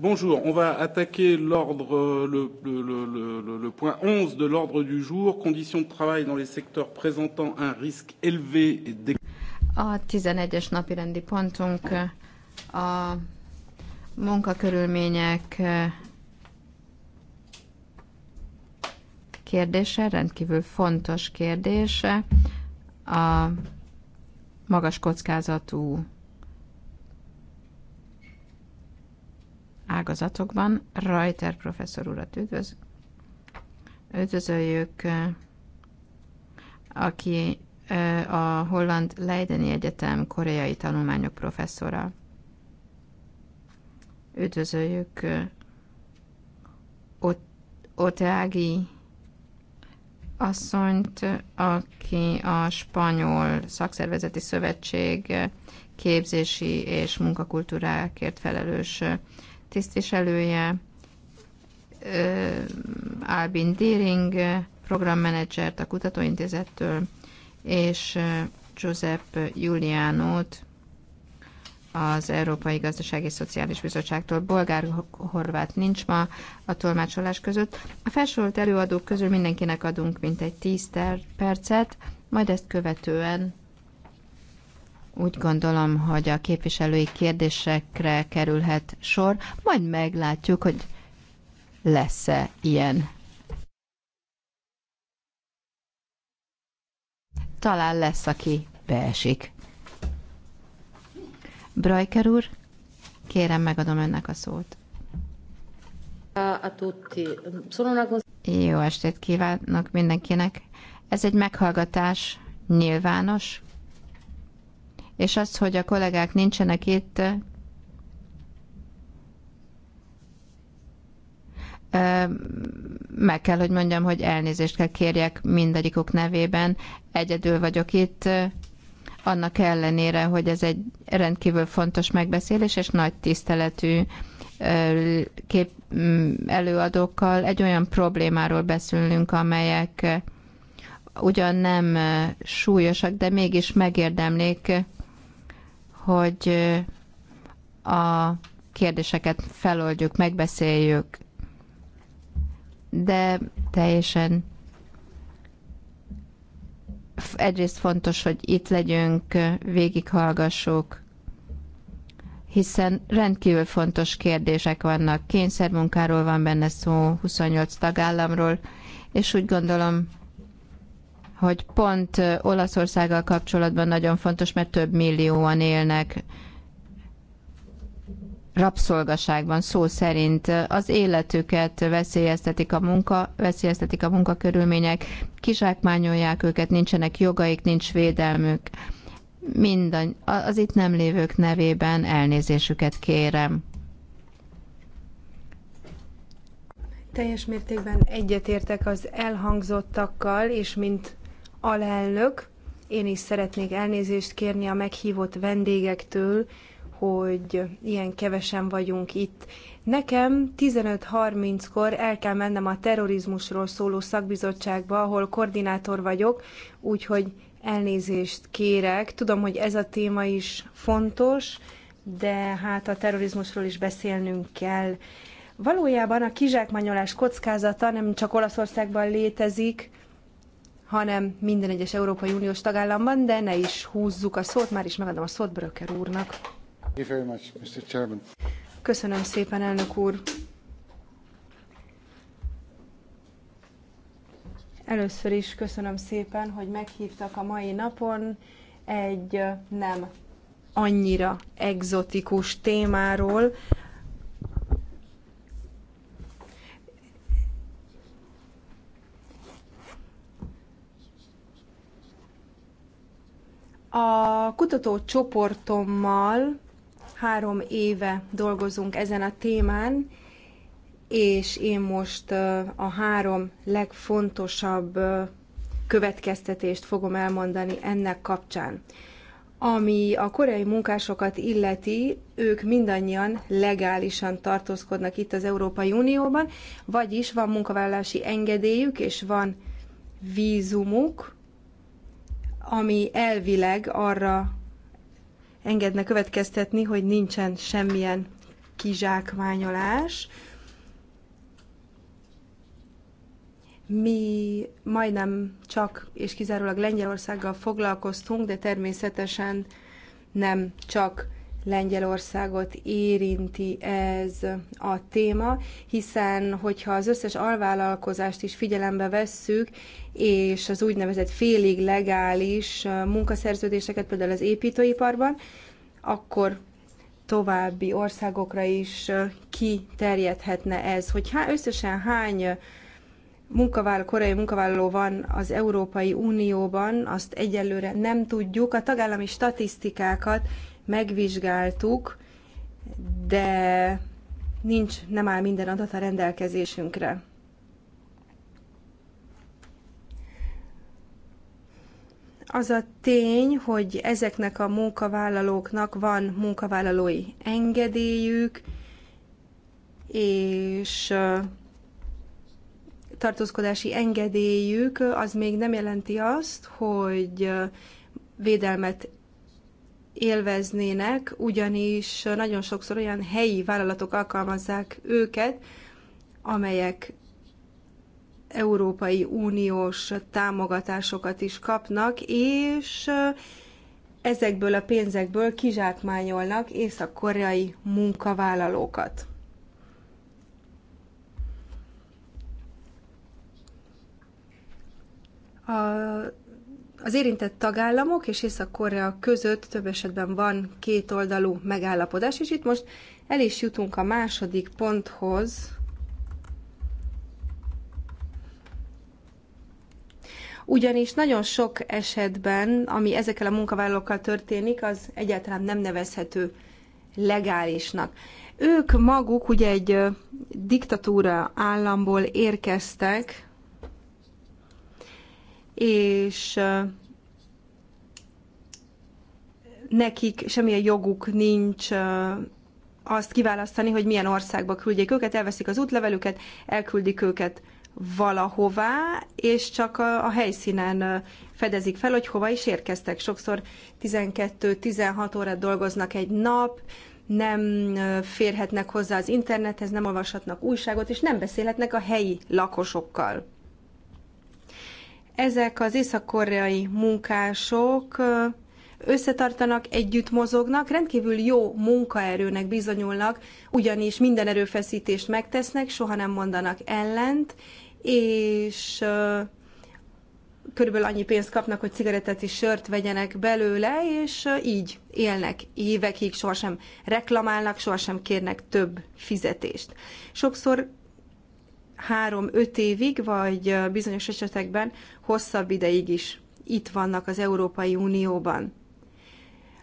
Bonjour. On va attaquer l'ordre, euh, le, le, le, le, le point 11 de l'ordre du jour, conditions de travail dans les secteurs présentant un risque élevé et dé... A 11-es napi rendi pontunk a munkakörülmények kérdése, rendkívül fontos kérdése, a magas kockázatú ágazatokban. Rajter professzor urat üdvöz. üdvözöljük, aki a Holland Leideni Egyetem koreai tanulmányok professzora. Üdvözöljük Oteági asszonyt, aki a Spanyol Szakszervezeti Szövetség képzési és munkakultúrákért felelős tisztviselője, Albin Diering programmenedzsert a kutatóintézettől, és Giuseppe Juliánót az Európai Gazdasági és Szociális Bizottságtól. Bolgár-horvát nincs ma a tolmácsolás között. A felsorolt előadók közül mindenkinek adunk mintegy 10 percet, majd ezt követően úgy gondolom, hogy a képviselői kérdésekre kerülhet sor, majd meglátjuk, hogy lesz-e ilyen. Talán lesz, aki beesik. Brajker úr, kérem, megadom önnek a szót. Jó estét kívánok mindenkinek. Ez egy meghallgatás, nyilvános, és az, hogy a kollégák nincsenek itt, meg kell, hogy mondjam, hogy elnézést kell kérjek mindegyikük nevében. Egyedül vagyok itt, annak ellenére, hogy ez egy rendkívül fontos megbeszélés, és nagy tiszteletű kép mm, előadókkal egy olyan problémáról beszélünk, amelyek ugyan nem súlyosak, de mégis megérdemlik hogy a kérdéseket feloldjuk, megbeszéljük, de teljesen egyrészt fontos, hogy itt legyünk, végighallgassuk, hiszen rendkívül fontos kérdések vannak. Kényszermunkáról van benne szó, 28 tagállamról, és úgy gondolom, hogy pont Olaszországgal kapcsolatban nagyon fontos, mert több millióan élnek rabszolgaságban szó szerint az életüket veszélyeztetik a munka, veszélyeztetik a munkakörülmények, kizsákmányolják őket, nincsenek jogaik, nincs védelmük. Minden, az itt nem lévők nevében elnézésüket kérem. Teljes mértékben egyetértek az elhangzottakkal, és mint alelnök. Én is szeretnék elnézést kérni a meghívott vendégektől, hogy ilyen kevesen vagyunk itt. Nekem 15.30-kor el kell mennem a terrorizmusról szóló szakbizottságba, ahol koordinátor vagyok, úgyhogy elnézést kérek. Tudom, hogy ez a téma is fontos, de hát a terrorizmusról is beszélnünk kell. Valójában a kizsákmányolás kockázata nem csak Olaszországban létezik, hanem minden egyes Európai Uniós tagállamban, de ne is húzzuk a szót, már is megadom a szót Bröker úrnak. Köszönöm szépen, elnök úr. Először is köszönöm szépen, hogy meghívtak a mai napon egy nem annyira egzotikus témáról, A kutatócsoportommal három éve dolgozunk ezen a témán, és én most a három legfontosabb következtetést fogom elmondani ennek kapcsán. Ami a koreai munkásokat illeti, ők mindannyian legálisan tartózkodnak itt az Európai Unióban, vagyis van munkavállalási engedélyük és van vízumuk, ami elvileg arra engedne következtetni, hogy nincsen semmilyen kizsákmányolás. Mi majdnem csak és kizárólag Lengyelországgal foglalkoztunk, de természetesen nem csak Lengyelországot érinti ez a téma, hiszen hogyha az összes alvállalkozást is figyelembe vesszük, és az úgynevezett félig legális munkaszerződéseket például az építőiparban, akkor további országokra is kiterjedhetne ez, hogy há, összesen hány munkavállaló, korai munkavállaló van az Európai Unióban, azt egyelőre nem tudjuk. A tagállami statisztikákat megvizsgáltuk, de nincs, nem áll minden adat a rendelkezésünkre. az a tény, hogy ezeknek a munkavállalóknak van munkavállalói engedélyük, és tartózkodási engedélyük, az még nem jelenti azt, hogy védelmet élveznének, ugyanis nagyon sokszor olyan helyi vállalatok alkalmazzák őket, amelyek Európai Uniós támogatásokat is kapnak, és ezekből a pénzekből kizsákmányolnak észak-koreai munkavállalókat. A az érintett tagállamok és Észak-Korea között több esetben van kétoldalú megállapodás, és itt most el is jutunk a második ponthoz, ugyanis nagyon sok esetben, ami ezekkel a munkavállalókkal történik, az egyáltalán nem nevezhető legálisnak. Ők maguk ugye egy diktatúra államból érkeztek, és nekik semmilyen joguk nincs azt kiválasztani, hogy milyen országba küldjék őket, elveszik az útlevelüket, elküldik őket valahová, és csak a, a helyszínen fedezik fel, hogy hova is érkeztek. Sokszor 12-16 órát dolgoznak egy nap, nem férhetnek hozzá az internethez, nem olvashatnak újságot, és nem beszélhetnek a helyi lakosokkal. Ezek az észak-koreai munkások összetartanak, együtt mozognak, rendkívül jó munkaerőnek bizonyulnak, ugyanis minden erőfeszítést megtesznek, soha nem mondanak ellent, és körülbelül annyi pénzt kapnak, hogy cigarettát és sört vegyenek belőle, és így élnek évekig, sohasem reklamálnak, sohasem kérnek több fizetést. Sokszor három öt évig, vagy bizonyos esetekben hosszabb ideig is itt vannak az Európai Unióban.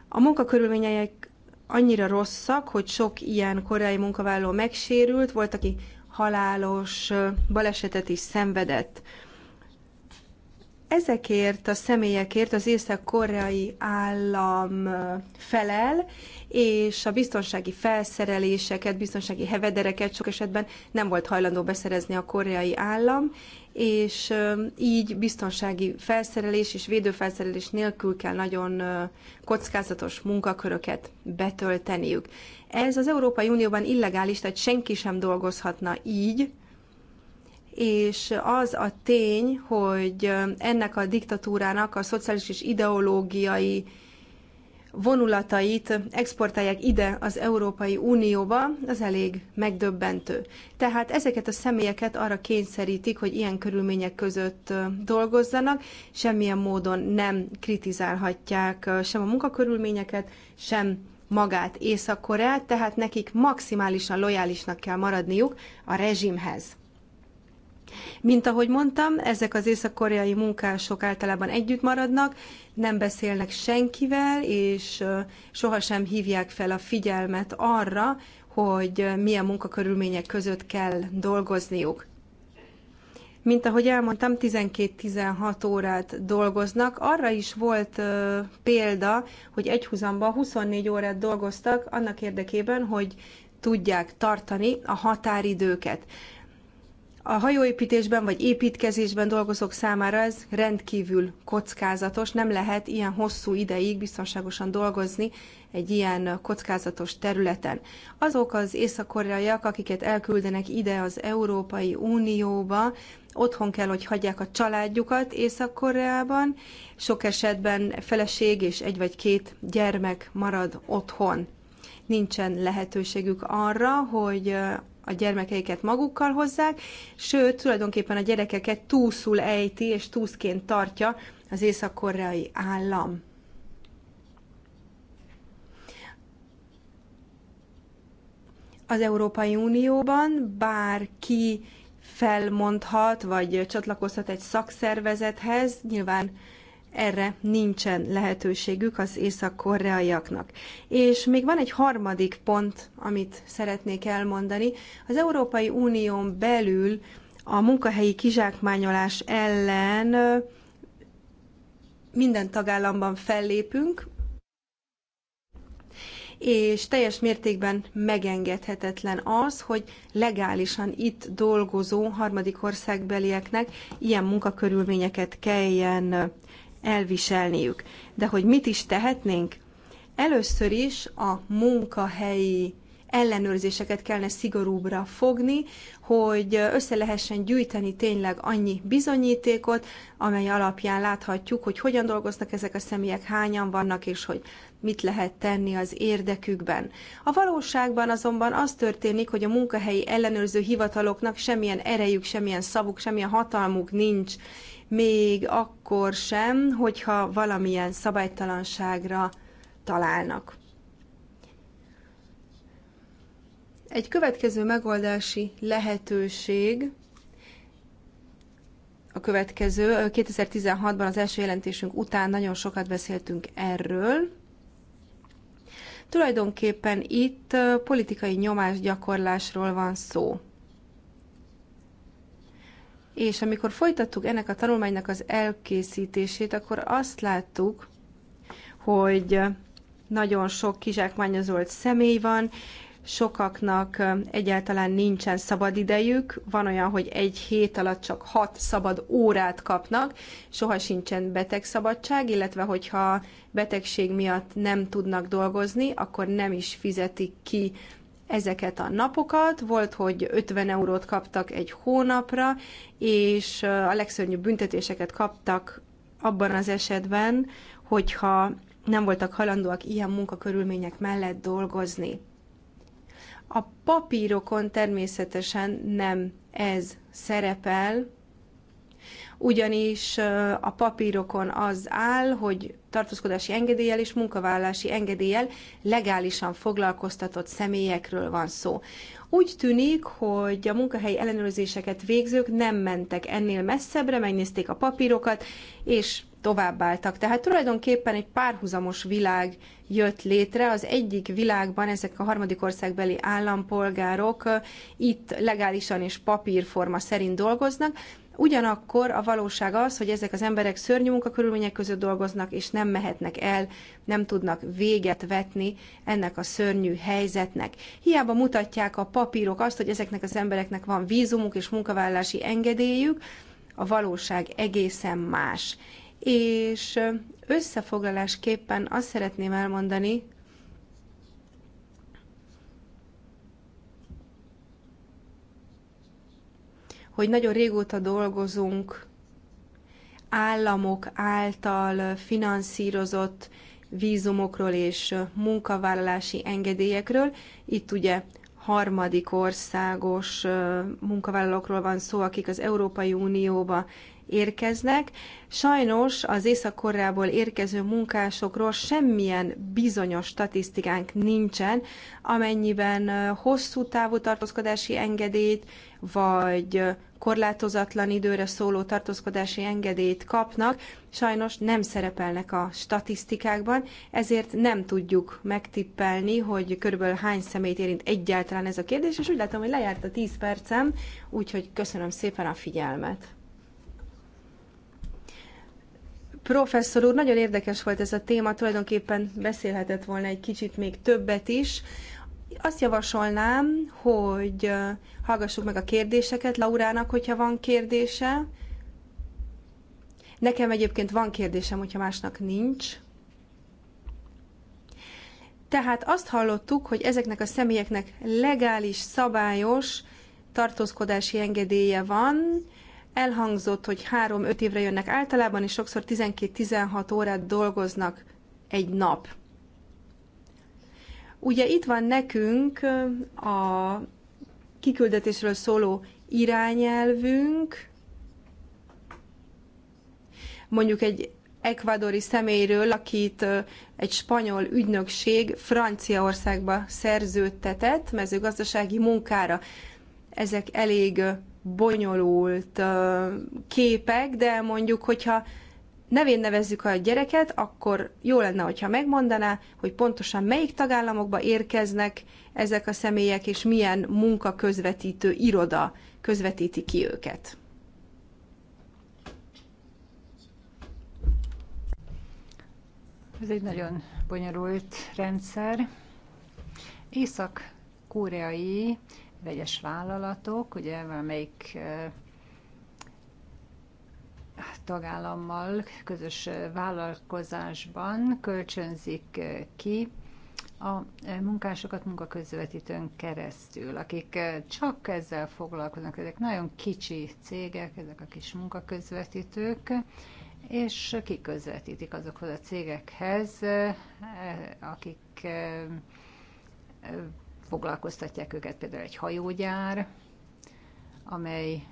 A munkakörülményeik annyira rosszak, hogy sok ilyen koreai munkavállaló megsérült, volt, aki halálos balesetet is szenvedett. Ezekért a személyekért az észak-koreai állam felel, és a biztonsági felszereléseket, biztonsági hevedereket sok esetben nem volt hajlandó beszerezni a koreai állam, és így biztonsági felszerelés és védőfelszerelés nélkül kell nagyon kockázatos munkaköröket betölteniük. Ez az Európai Unióban illegális, tehát senki sem dolgozhatna így, és az a tény, hogy ennek a diktatúrának a szociális és ideológiai vonulatait exportálják ide az Európai Unióba, az elég megdöbbentő. Tehát ezeket a személyeket arra kényszerítik, hogy ilyen körülmények között dolgozzanak, semmilyen módon nem kritizálhatják sem a munkakörülményeket, sem magát Észak-Koreát, tehát nekik maximálisan lojálisnak kell maradniuk a rezsimhez. Mint ahogy mondtam, ezek az észak-koreai munkások általában együtt maradnak, nem beszélnek senkivel, és sohasem hívják fel a figyelmet arra, hogy milyen munkakörülmények között kell dolgozniuk. Mint ahogy elmondtam, 12-16 órát dolgoznak. Arra is volt ö, példa, hogy egyhuzamban 24 órát dolgoztak annak érdekében, hogy tudják tartani a határidőket. A hajóépítésben vagy építkezésben dolgozók számára ez rendkívül kockázatos, nem lehet ilyen hosszú ideig biztonságosan dolgozni egy ilyen kockázatos területen. Azok az észak-koreaiak, akiket elküldenek ide az Európai Unióba, otthon kell, hogy hagyják a családjukat Észak-Koreában, sok esetben feleség és egy vagy két gyermek marad otthon. Nincsen lehetőségük arra, hogy a gyermekeiket magukkal hozzák, sőt, tulajdonképpen a gyerekeket túszul ejti és túszként tartja az észak-koreai állam. Az Európai Unióban bárki felmondhat, vagy csatlakozhat egy szakszervezethez, nyilván erre nincsen lehetőségük az észak-koreaiaknak. És még van egy harmadik pont, amit szeretnék elmondani. Az Európai Unión belül a munkahelyi kizsákmányolás ellen minden tagállamban fellépünk, és teljes mértékben megengedhetetlen az, hogy legálisan itt dolgozó harmadik országbelieknek ilyen munkakörülményeket kelljen elviselniük. De hogy mit is tehetnénk? Először is a munkahelyi ellenőrzéseket kellene szigorúbbra fogni, hogy össze lehessen gyűjteni tényleg annyi bizonyítékot, amely alapján láthatjuk, hogy hogyan dolgoznak ezek a személyek, hányan vannak, és hogy mit lehet tenni az érdekükben. A valóságban azonban az történik, hogy a munkahelyi ellenőrző hivataloknak semmilyen erejük, semmilyen szavuk, semmilyen hatalmuk nincs, még akkor sem, hogyha valamilyen szabálytalanságra találnak. Egy következő megoldási lehetőség a következő. 2016-ban az első jelentésünk után nagyon sokat beszéltünk erről. Tulajdonképpen itt politikai nyomásgyakorlásról van szó. És amikor folytattuk ennek a tanulmánynak az elkészítését, akkor azt láttuk, hogy nagyon sok kizsákmányozolt személy van, sokaknak egyáltalán nincsen szabad idejük, van olyan, hogy egy hét alatt csak hat szabad órát kapnak, soha sincsen betegszabadság, illetve hogyha betegség miatt nem tudnak dolgozni, akkor nem is fizetik ki ezeket a napokat, volt, hogy 50 eurót kaptak egy hónapra, és a legszörnyűbb büntetéseket kaptak abban az esetben, hogyha nem voltak halandóak ilyen munkakörülmények mellett dolgozni. A papírokon természetesen nem ez szerepel, ugyanis a papírokon az áll, hogy tartózkodási engedéllyel és munkavállási engedéllyel legálisan foglalkoztatott személyekről van szó. Úgy tűnik, hogy a munkahelyi ellenőrzéseket végzők nem mentek ennél messzebbre, megnézték a papírokat, és továbbáltak. Tehát tulajdonképpen egy párhuzamos világ jött létre. Az egyik világban ezek a harmadik országbeli állampolgárok itt legálisan és papírforma szerint dolgoznak, Ugyanakkor a valóság az, hogy ezek az emberek szörnyű munkakörülmények között dolgoznak, és nem mehetnek el, nem tudnak véget vetni ennek a szörnyű helyzetnek. Hiába mutatják a papírok azt, hogy ezeknek az embereknek van vízumuk és munkavállalási engedélyük, a valóság egészen más. És összefoglalásképpen azt szeretném elmondani, hogy nagyon régóta dolgozunk államok által finanszírozott vízumokról és munkavállalási engedélyekről. Itt ugye harmadik országos munkavállalókról van szó, akik az Európai Unióba érkeznek. Sajnos az észak érkező munkásokról semmilyen bizonyos statisztikánk nincsen, amennyiben hosszú távú tartózkodási engedélyt, vagy korlátozatlan időre szóló tartózkodási engedélyt kapnak, sajnos nem szerepelnek a statisztikákban, ezért nem tudjuk megtippelni, hogy körülbelül hány személyt érint egyáltalán ez a kérdés, és úgy látom, hogy lejárt a 10 percem, úgyhogy köszönöm szépen a figyelmet. Professzor úr, nagyon érdekes volt ez a téma, tulajdonképpen beszélhetett volna egy kicsit még többet is. Azt javasolnám, hogy hallgassuk meg a kérdéseket Laurának, hogyha van kérdése. Nekem egyébként van kérdésem, hogyha másnak nincs. Tehát azt hallottuk, hogy ezeknek a személyeknek legális, szabályos tartózkodási engedélye van, Elhangzott, hogy három-öt évre jönnek általában, és sokszor 12-16 órát dolgoznak egy nap. Ugye itt van nekünk a kiküldetésről szóló irányelvünk, mondjuk egy ekvadori személyről, akit egy spanyol ügynökség Franciaországba szerződtetett mezőgazdasági munkára. Ezek elég bonyolult képek, de mondjuk, hogyha nevén nevezzük a gyereket, akkor jó lenne, hogyha megmondaná, hogy pontosan melyik tagállamokba érkeznek ezek a személyek, és milyen munka közvetítő iroda közvetíti ki őket. Ez egy nagyon bonyolult rendszer. Észak-koreai vegyes vállalatok, ugye valamelyik tagállammal közös vállalkozásban kölcsönzik ki a munkásokat munkaközvetítőn keresztül, akik csak ezzel foglalkoznak, ezek nagyon kicsi cégek, ezek a kis munkaközvetítők, és kiközvetítik azokhoz a cégekhez, e, akik foglalkoztatják őket például egy hajógyár, amely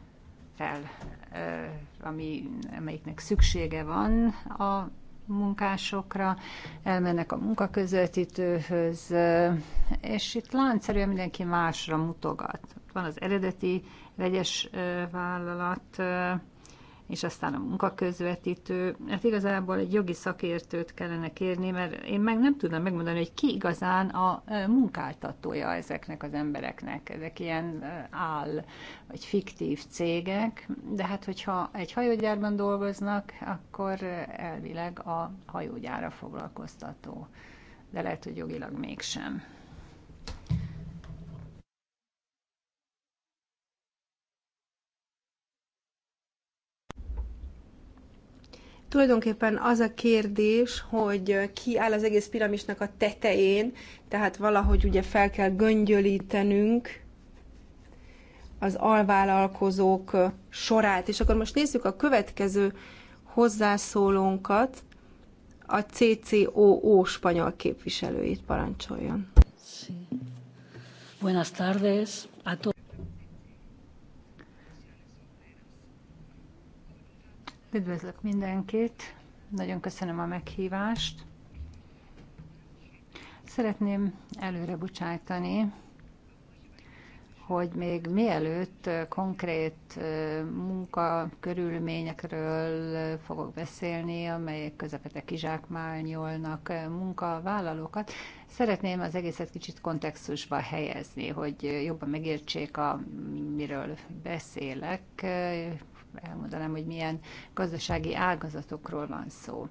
fel, ami, amelyiknek szüksége van a munkásokra, elmennek a munkaközvetítőhöz, és itt láncszerűen mindenki másra mutogat. Van az eredeti vegyes vállalat, és aztán a munkaközvetítő. Hát igazából egy jogi szakértőt kellene kérni, mert én meg nem tudom megmondani, hogy ki igazán a munkáltatója ezeknek az embereknek. Ezek ilyen áll, vagy fiktív cégek, de hát hogyha egy hajógyárban dolgoznak, akkor elvileg a hajógyára foglalkoztató. De lehet, hogy jogilag mégsem. Tulajdonképpen az a kérdés, hogy ki áll az egész piramisnak a tetején, tehát valahogy ugye fel kell göngyölítenünk az alvállalkozók sorát. És akkor most nézzük a következő hozzászólónkat, a CCOO spanyol képviselőit parancsoljon. Sí. Buenas tardes a Üdvözlök mindenkit, nagyon köszönöm a meghívást. Szeretném előre bocsájtani, hogy még mielőtt konkrét munkakörülményekről fogok beszélni, amelyek közepete kizsákmányolnak munkavállalókat, szeretném az egészet kicsit kontextusba helyezni, hogy jobban megértsék, a, miről beszélek, elmondanám, hogy milyen gazdasági ágazatokról van szó.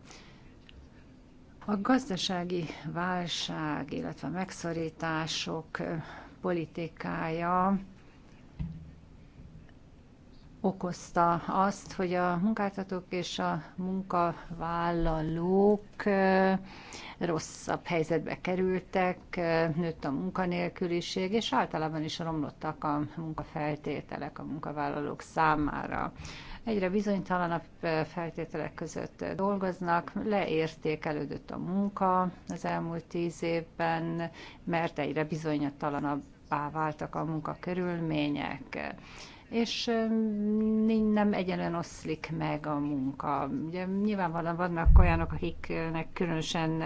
A gazdasági válság, illetve a megszorítások eh, politikája okozta azt, hogy a munkáltatók és a munkavállalók rosszabb helyzetbe kerültek, nőtt a munkanélküliség, és általában is romlottak a munkafeltételek a munkavállalók számára. Egyre bizonytalanabb feltételek között dolgoznak, leértékelődött a munka az elmúlt tíz évben, mert egyre bizonytalanabbá váltak a munkakörülmények és nem egyenlően oszlik meg a munka. Ugye nyilvánvalóan vannak olyanok, akiknek különösen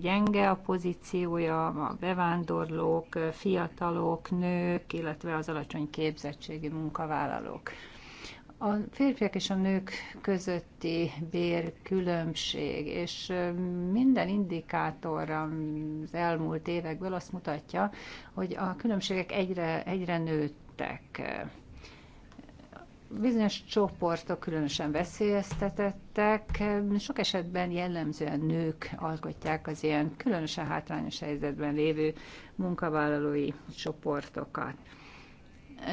gyenge a pozíciója, a bevándorlók, fiatalok, nők, illetve az alacsony képzettségi munkavállalók. A férfiak és a nők közötti bérkülönbség, és minden indikátor az elmúlt évekből azt mutatja, hogy a különbségek egyre, egyre nőttek bizonyos csoportok különösen veszélyeztetettek, sok esetben jellemzően nők alkotják az ilyen különösen hátrányos helyzetben lévő munkavállalói csoportokat.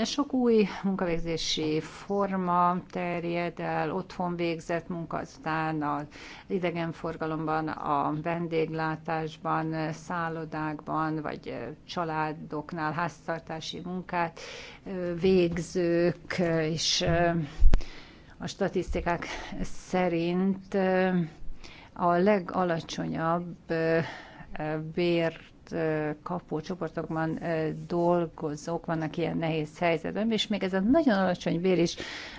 Sok új munkavégzési forma terjed el, otthon végzett munka, aztán az idegenforgalomban, a vendéglátásban, szállodákban, vagy családoknál háztartási munkát végzők, is. a statisztikák szerint a legalacsonyabb bért kapó csoportokban dolgozók vannak ilyen nehéz helyzetben, és még ez a nagyon alacsony bér is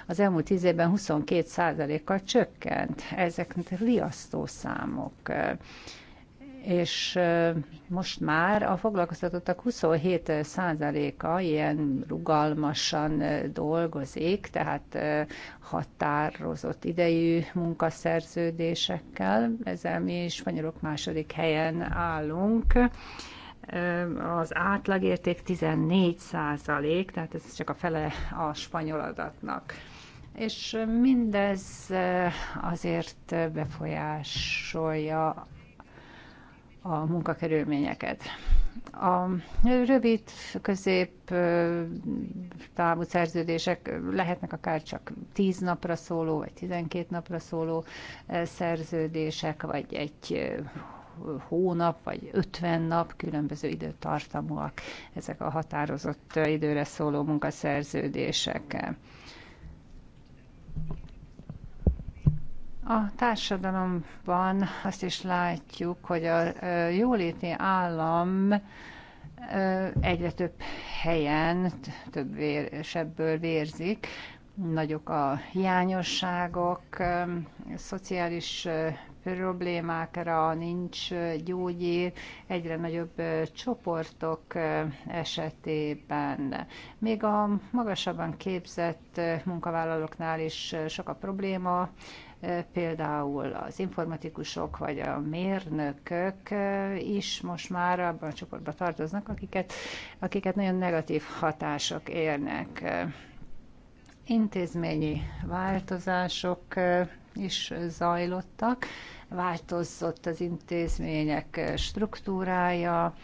az elmúlt tíz évben 22 kal csökkent. Ezek riasztó számok és most már a foglalkoztatottak 27%-a ilyen rugalmasan dolgozik, tehát határozott idejű munkaszerződésekkel. Ezzel mi spanyolok második helyen állunk az átlagérték 14 százalék, tehát ez csak a fele a spanyol adatnak. És mindez azért befolyásolja a munkakerülményeket. A rövid, közép távú szerződések lehetnek akár csak 10 napra szóló, vagy 12 napra szóló szerződések, vagy egy hónap, vagy 50 nap, különböző időtartamúak ezek a határozott időre szóló munkaszerződések. A társadalomban azt is látjuk, hogy a jóléti állam egyre több helyen, több vérsebből vérzik, nagyok a hiányosságok, szociális problémákra nincs gyógyír, egyre nagyobb csoportok esetében. Még a magasabban képzett munkavállalóknál is sok a probléma, E, például az informatikusok vagy a mérnökök e, is most már abban a csoportban tartoznak, akiket, akiket nagyon negatív hatások érnek. E, intézményi változások is zajlottak, változott az intézmények struktúrája,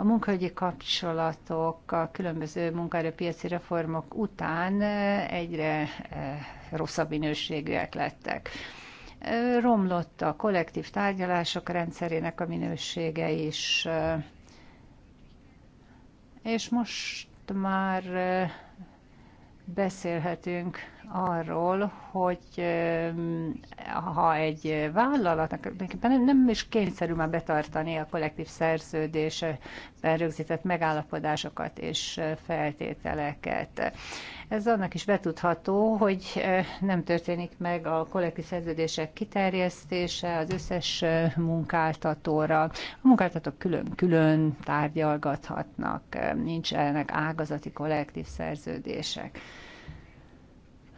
a munkahogyi kapcsolatok a különböző munkaerőpiaci reformok után e, egyre e, rosszabb minőségűek lettek. E, romlott a kollektív tárgyalások rendszerének a minősége is, és most már beszélhetünk arról, hogy ha egy vállalatnak nem, nem is kényszerül már betartani a kollektív szerződésben rögzített megállapodásokat és feltételeket. Ez annak is betudható, hogy nem történik meg a kollektív szerződések kiterjesztése az összes munkáltatóra. A munkáltatók külön-külön tárgyalgathatnak, nincsenek ágazati kollektív szerződések.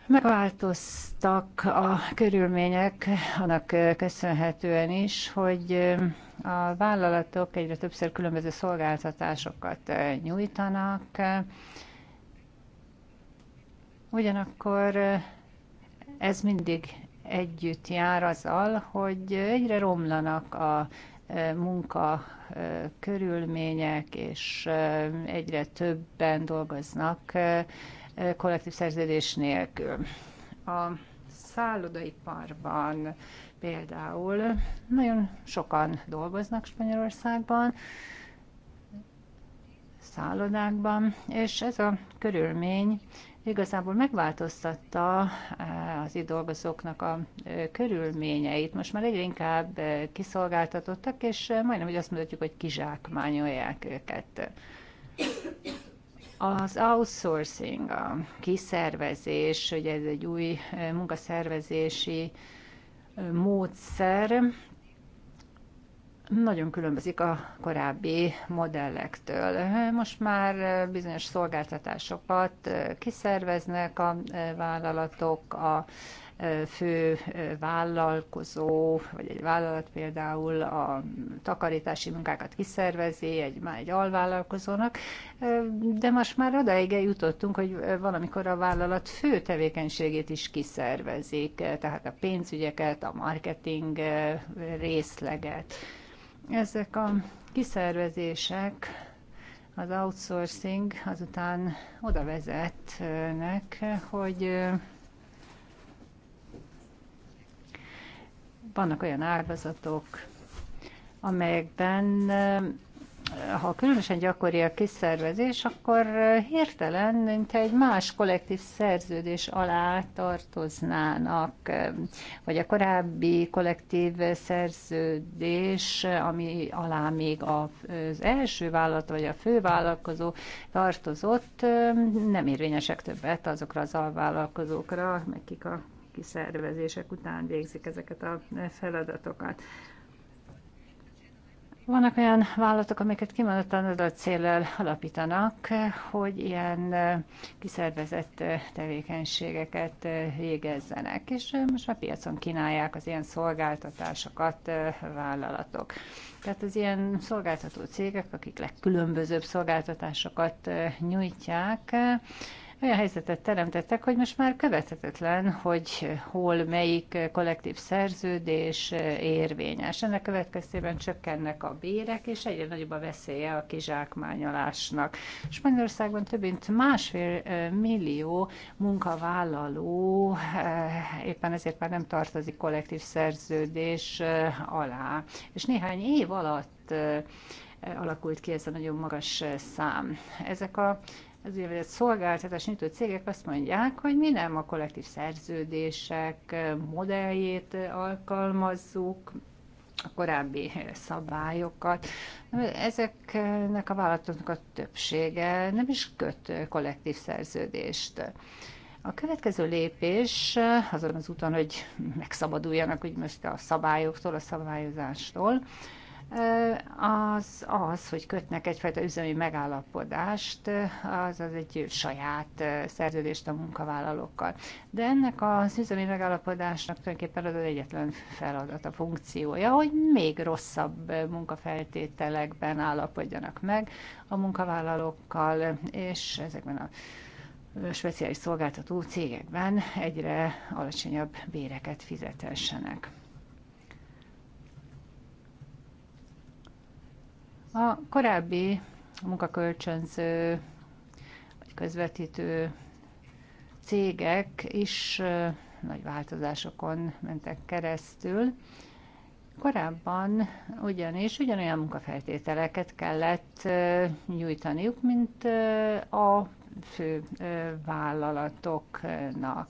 Megváltoztak a körülmények annak köszönhetően is, hogy a vállalatok egyre többször különböző szolgáltatásokat nyújtanak, ugyanakkor ez mindig együtt jár azzal, hogy egyre romlanak a munka körülmények, és egyre többen dolgoznak kollektív szerződés nélkül. A szállodaiparban például nagyon sokan dolgoznak Spanyolországban, szállodákban, és ez a körülmény igazából megváltoztatta az itt dolgozóknak a körülményeit. Most már egyre inkább kiszolgáltatottak, és majdnem, hogy azt mondhatjuk, hogy kizsákmányolják őket. Az outsourcing, a kiszervezés, hogy ez egy új munkaszervezési módszer, nagyon különbözik a korábbi modellektől. Most már bizonyos szolgáltatásokat kiszerveznek a vállalatok, a fő vállalkozó, vagy egy vállalat például a takarítási munkákat kiszervezi egy, egy alvállalkozónak, de most már odaig jutottunk, hogy valamikor a vállalat fő tevékenységét is kiszervezik, tehát a pénzügyeket, a marketing részleget. Ezek a kiszervezések az outsourcing azután oda vezetnek, hogy vannak olyan ágazatok, amelyekben eh, ha különösen gyakori a kiszervezés, akkor eh, hirtelen, mintha egy más kollektív szerződés alá tartoznának, eh, vagy a korábbi kollektív szerződés, ami alá még az első vállalat vagy a fővállalkozó tartozott, nem érvényesek többet azokra az alvállalkozókra, nekik a kiszervezések után végzik ezeket a feladatokat. Vannak olyan vállalatok, amiket kimondottan az a célral alapítanak, hogy ilyen kiszervezett tevékenységeket végezzenek, és most a piacon kínálják az ilyen szolgáltatásokat vállalatok. Tehát az ilyen szolgáltató cégek, akik legkülönbözőbb szolgáltatásokat nyújtják, olyan helyzetet teremtettek, hogy most már követhetetlen, hogy hol melyik kollektív szerződés érvényes. Ennek következtében csökkennek a bérek, és egyre nagyobb a veszélye a kizsákmányolásnak. Magyarországon több mint másfél millió munkavállaló éppen ezért már nem tartozik kollektív szerződés alá. És néhány év alatt alakult ki ez a nagyon magas szám. Ezek a az úgynevezett szolgáltatás nyújtó cégek azt mondják, hogy mi nem a kollektív szerződések modelljét alkalmazzuk, a korábbi szabályokat. Ezeknek a vállalatoknak a többsége nem is köt kollektív szerződést. A következő lépés azon az úton, hogy megszabaduljanak úgy most a szabályoktól, a szabályozástól, az az, hogy kötnek egyfajta üzemi megállapodást, az az egy saját szerződést a munkavállalókkal. De ennek az üzemi megállapodásnak tulajdonképpen az egyetlen feladata, funkciója, hogy még rosszabb munkafeltételekben állapodjanak meg a munkavállalókkal, és ezekben a speciális szolgáltató cégekben egyre alacsonyabb béreket fizetessenek. A korábbi munkakölcsönző vagy közvetítő cégek is nagy változásokon mentek keresztül. Korábban ugyanis ugyanolyan munkafeltételeket kellett nyújtaniuk, mint a fő vállalatoknak,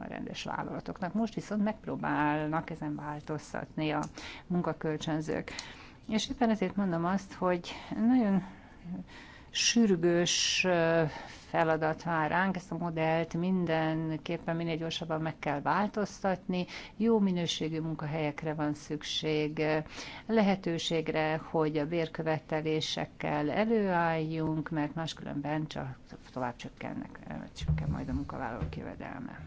a rendes vállalatoknak. Most viszont megpróbálnak ezen változtatni a munkakölcsönzők. És éppen ezért mondom azt, hogy nagyon sürgős feladat vár ránk, ezt a modellt mindenképpen minél gyorsabban meg kell változtatni, jó minőségű munkahelyekre van szükség, lehetőségre, hogy a bérkövetelésekkel előálljunk, mert máskülönben csak tovább csökkennek, csökken majd a munkavállalók jövedelme.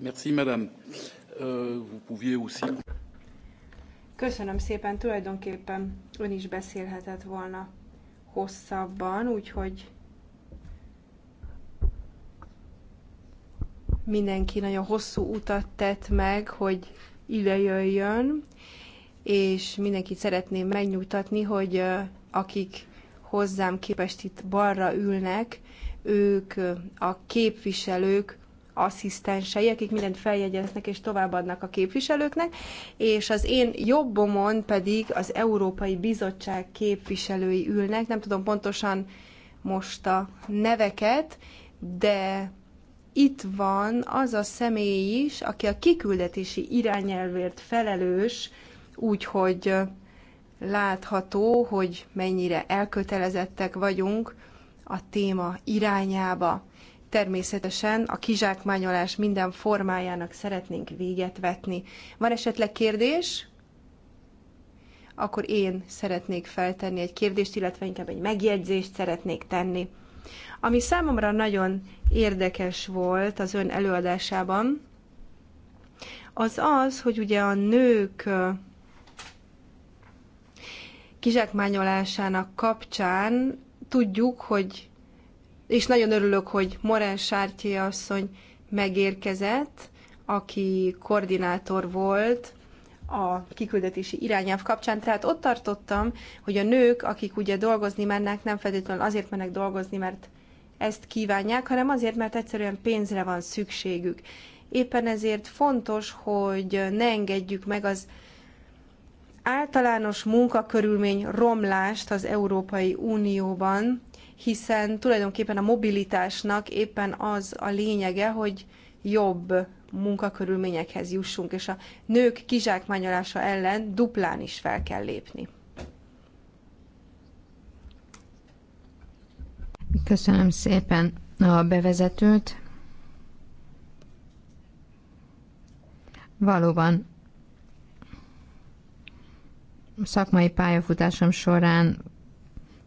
Merci, madame. Euh, vous pouviez aussi... Köszönöm szépen, tulajdonképpen ön is beszélhetett volna hosszabban, úgyhogy mindenki nagyon hosszú utat tett meg, hogy ide jöjjön, és mindenkit szeretném megnyugtatni, hogy akik hozzám képest itt balra ülnek, ők a képviselők asszisztensei, akik mindent feljegyeznek és továbbadnak a képviselőknek, és az én jobbomon pedig az Európai Bizottság képviselői ülnek, nem tudom pontosan most a neveket, de itt van az a személy is, aki a kiküldetési irányelvért felelős, úgyhogy látható, hogy mennyire elkötelezettek vagyunk a téma irányába. Természetesen a kizsákmányolás minden formájának szeretnénk véget vetni. Van esetleg kérdés? Akkor én szeretnék feltenni egy kérdést, illetve inkább egy megjegyzést szeretnék tenni. Ami számomra nagyon érdekes volt az ön előadásában, az az, hogy ugye a nők kizsákmányolásának kapcsán tudjuk, hogy és nagyon örülök, hogy Morán Sártyi asszony megérkezett, aki koordinátor volt a kiküldetési irányelv kapcsán. Tehát ott tartottam, hogy a nők, akik ugye dolgozni mennek, nem feltétlenül azért mennek dolgozni, mert ezt kívánják, hanem azért, mert egyszerűen pénzre van szükségük. Éppen ezért fontos, hogy ne engedjük meg az általános munkakörülmény romlást az Európai Unióban, hiszen tulajdonképpen a mobilitásnak éppen az a lényege, hogy jobb munkakörülményekhez jussunk, és a nők kizsákmányolása ellen duplán is fel kell lépni. Köszönöm szépen a bevezetőt. Valóban szakmai pályafutásom során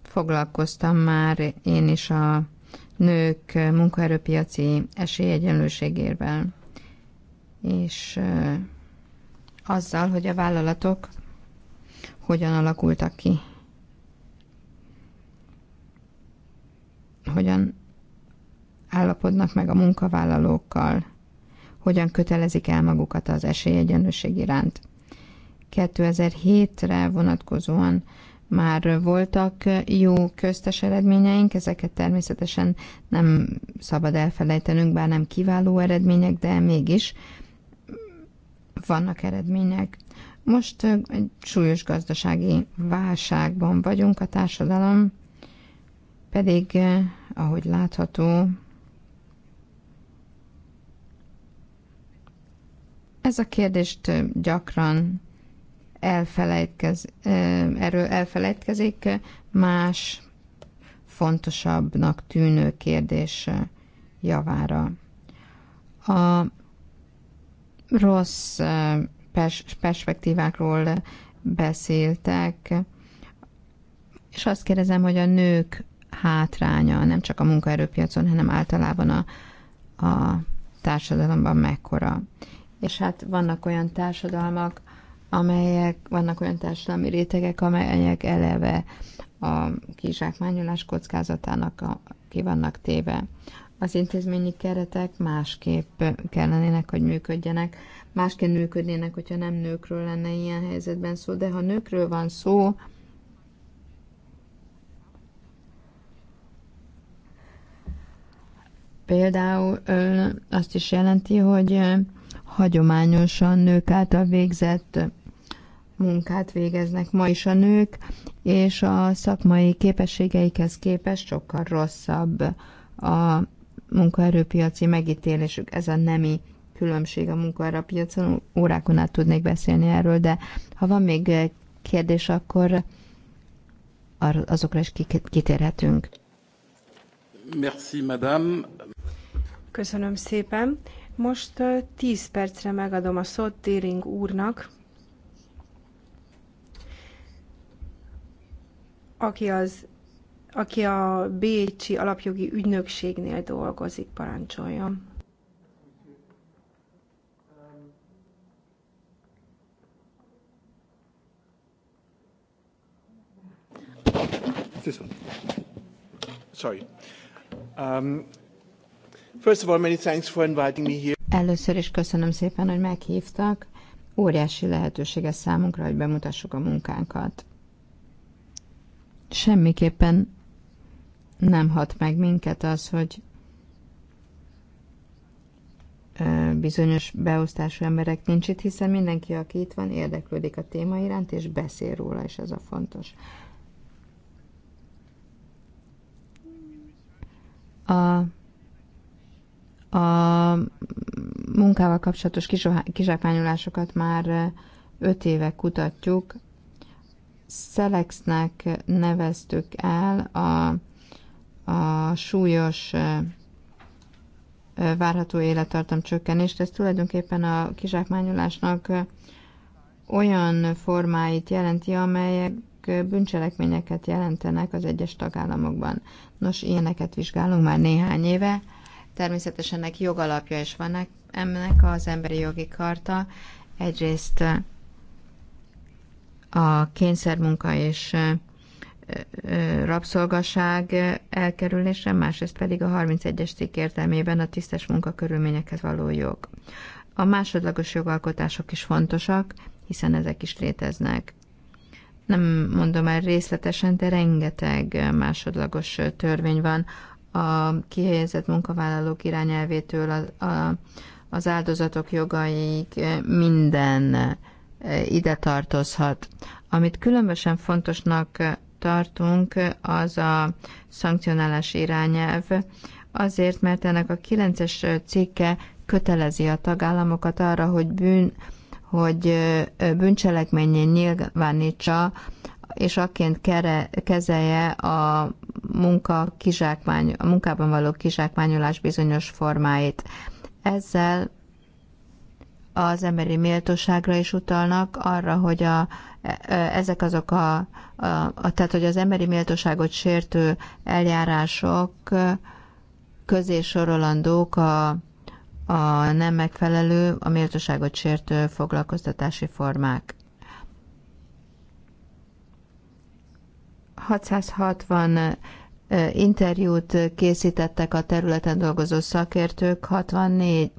foglalkoztam már én is a nők munkaerőpiaci esélyegyenlőségével, és azzal, hogy a vállalatok hogyan alakultak ki, hogyan állapodnak meg a munkavállalókkal, hogyan kötelezik el magukat az esélyegyenlőség iránt. 2007-re vonatkozóan már voltak jó köztes eredményeink, ezeket természetesen nem szabad elfelejtenünk, bár nem kiváló eredmények, de mégis vannak eredmények. Most egy súlyos gazdasági válságban vagyunk, a társadalom pedig, ahogy látható, ez a kérdést gyakran elfelejtkez, erről elfelejtkezik más fontosabbnak tűnő kérdés javára. A rossz perspektívákról beszéltek, és azt kérdezem, hogy a nők hátránya nem csak a munkaerőpiacon, hanem általában a, a társadalomban mekkora. És hát vannak olyan társadalmak, amelyek, vannak olyan társadalmi rétegek, amelyek eleve a kizsákmányolás kockázatának a, ki vannak téve. Az intézményi keretek másképp kellenének, hogy működjenek. Másként működnének, hogyha nem nőkről lenne ilyen helyzetben szó, de ha nőkről van szó, például azt is jelenti, hogy hagyományosan nők által végzett munkát végeznek ma is a nők, és a szakmai képességeikhez képest sokkal rosszabb a munkaerőpiaci megítélésük. Ez a nemi különbség a munkaerőpiacon. Órákon át tudnék beszélni erről, de ha van még kérdés, akkor azokra is kitérhetünk. Merci, madame. Köszönöm szépen. Most 10 percre megadom a szót Téring úrnak, aki, az, aki a Bécsi Alapjogi Ügynökségnél dolgozik, parancsoljon. Um, Először is köszönöm szépen, hogy meghívtak. Óriási lehetősége számunkra, hogy bemutassuk a munkánkat semmiképpen nem hat meg minket az, hogy bizonyos beosztású emberek nincs itt, hiszen mindenki, aki itt van, érdeklődik a téma iránt, és beszél róla, és ez a fontos. A, a munkával kapcsolatos kizsákmányolásokat már öt éve kutatjuk, Szelexnek neveztük el a, a súlyos várható élettartam csökkenést. Ez tulajdonképpen a kizsákmányolásnak olyan formáit jelenti, amelyek bűncselekményeket jelentenek az egyes tagállamokban. Nos, ilyeneket vizsgálunk már néhány éve. Természetesen ennek jogalapja is van ennek az emberi jogi karta. Egyrészt a kényszermunka és rabszolgaság elkerülése, másrészt pedig a 31-es cikk értelmében a tisztes munkakörülményekhez való jog. A másodlagos jogalkotások is fontosak, hiszen ezek is léteznek. Nem mondom el részletesen, de rengeteg másodlagos törvény van a kihelyezett munkavállalók irányelvétől a, a, az áldozatok jogaik minden Eh, ide tartozhat. Amit különösen fontosnak eh, tartunk, eh, az a szankcionálás irányelv, azért, mert ennek a 9-es cikke kötelezi a tagállamokat arra, hogy bűn, hogy bűncselekményén nyilvánítsa, és akként kere, kezelje a munka kizsákmány, a munkában való kizsákmányolás bizonyos formáit. Ezzel az emberi méltóságra is utalnak, arra, hogy a, e, e, ezek azok a, a, a, tehát hogy az emberi méltóságot sértő eljárások közé sorolandók a, a nem megfelelő, a méltóságot sértő foglalkoztatási formák. 660 interjút készítettek a területen dolgozó szakértők, 64,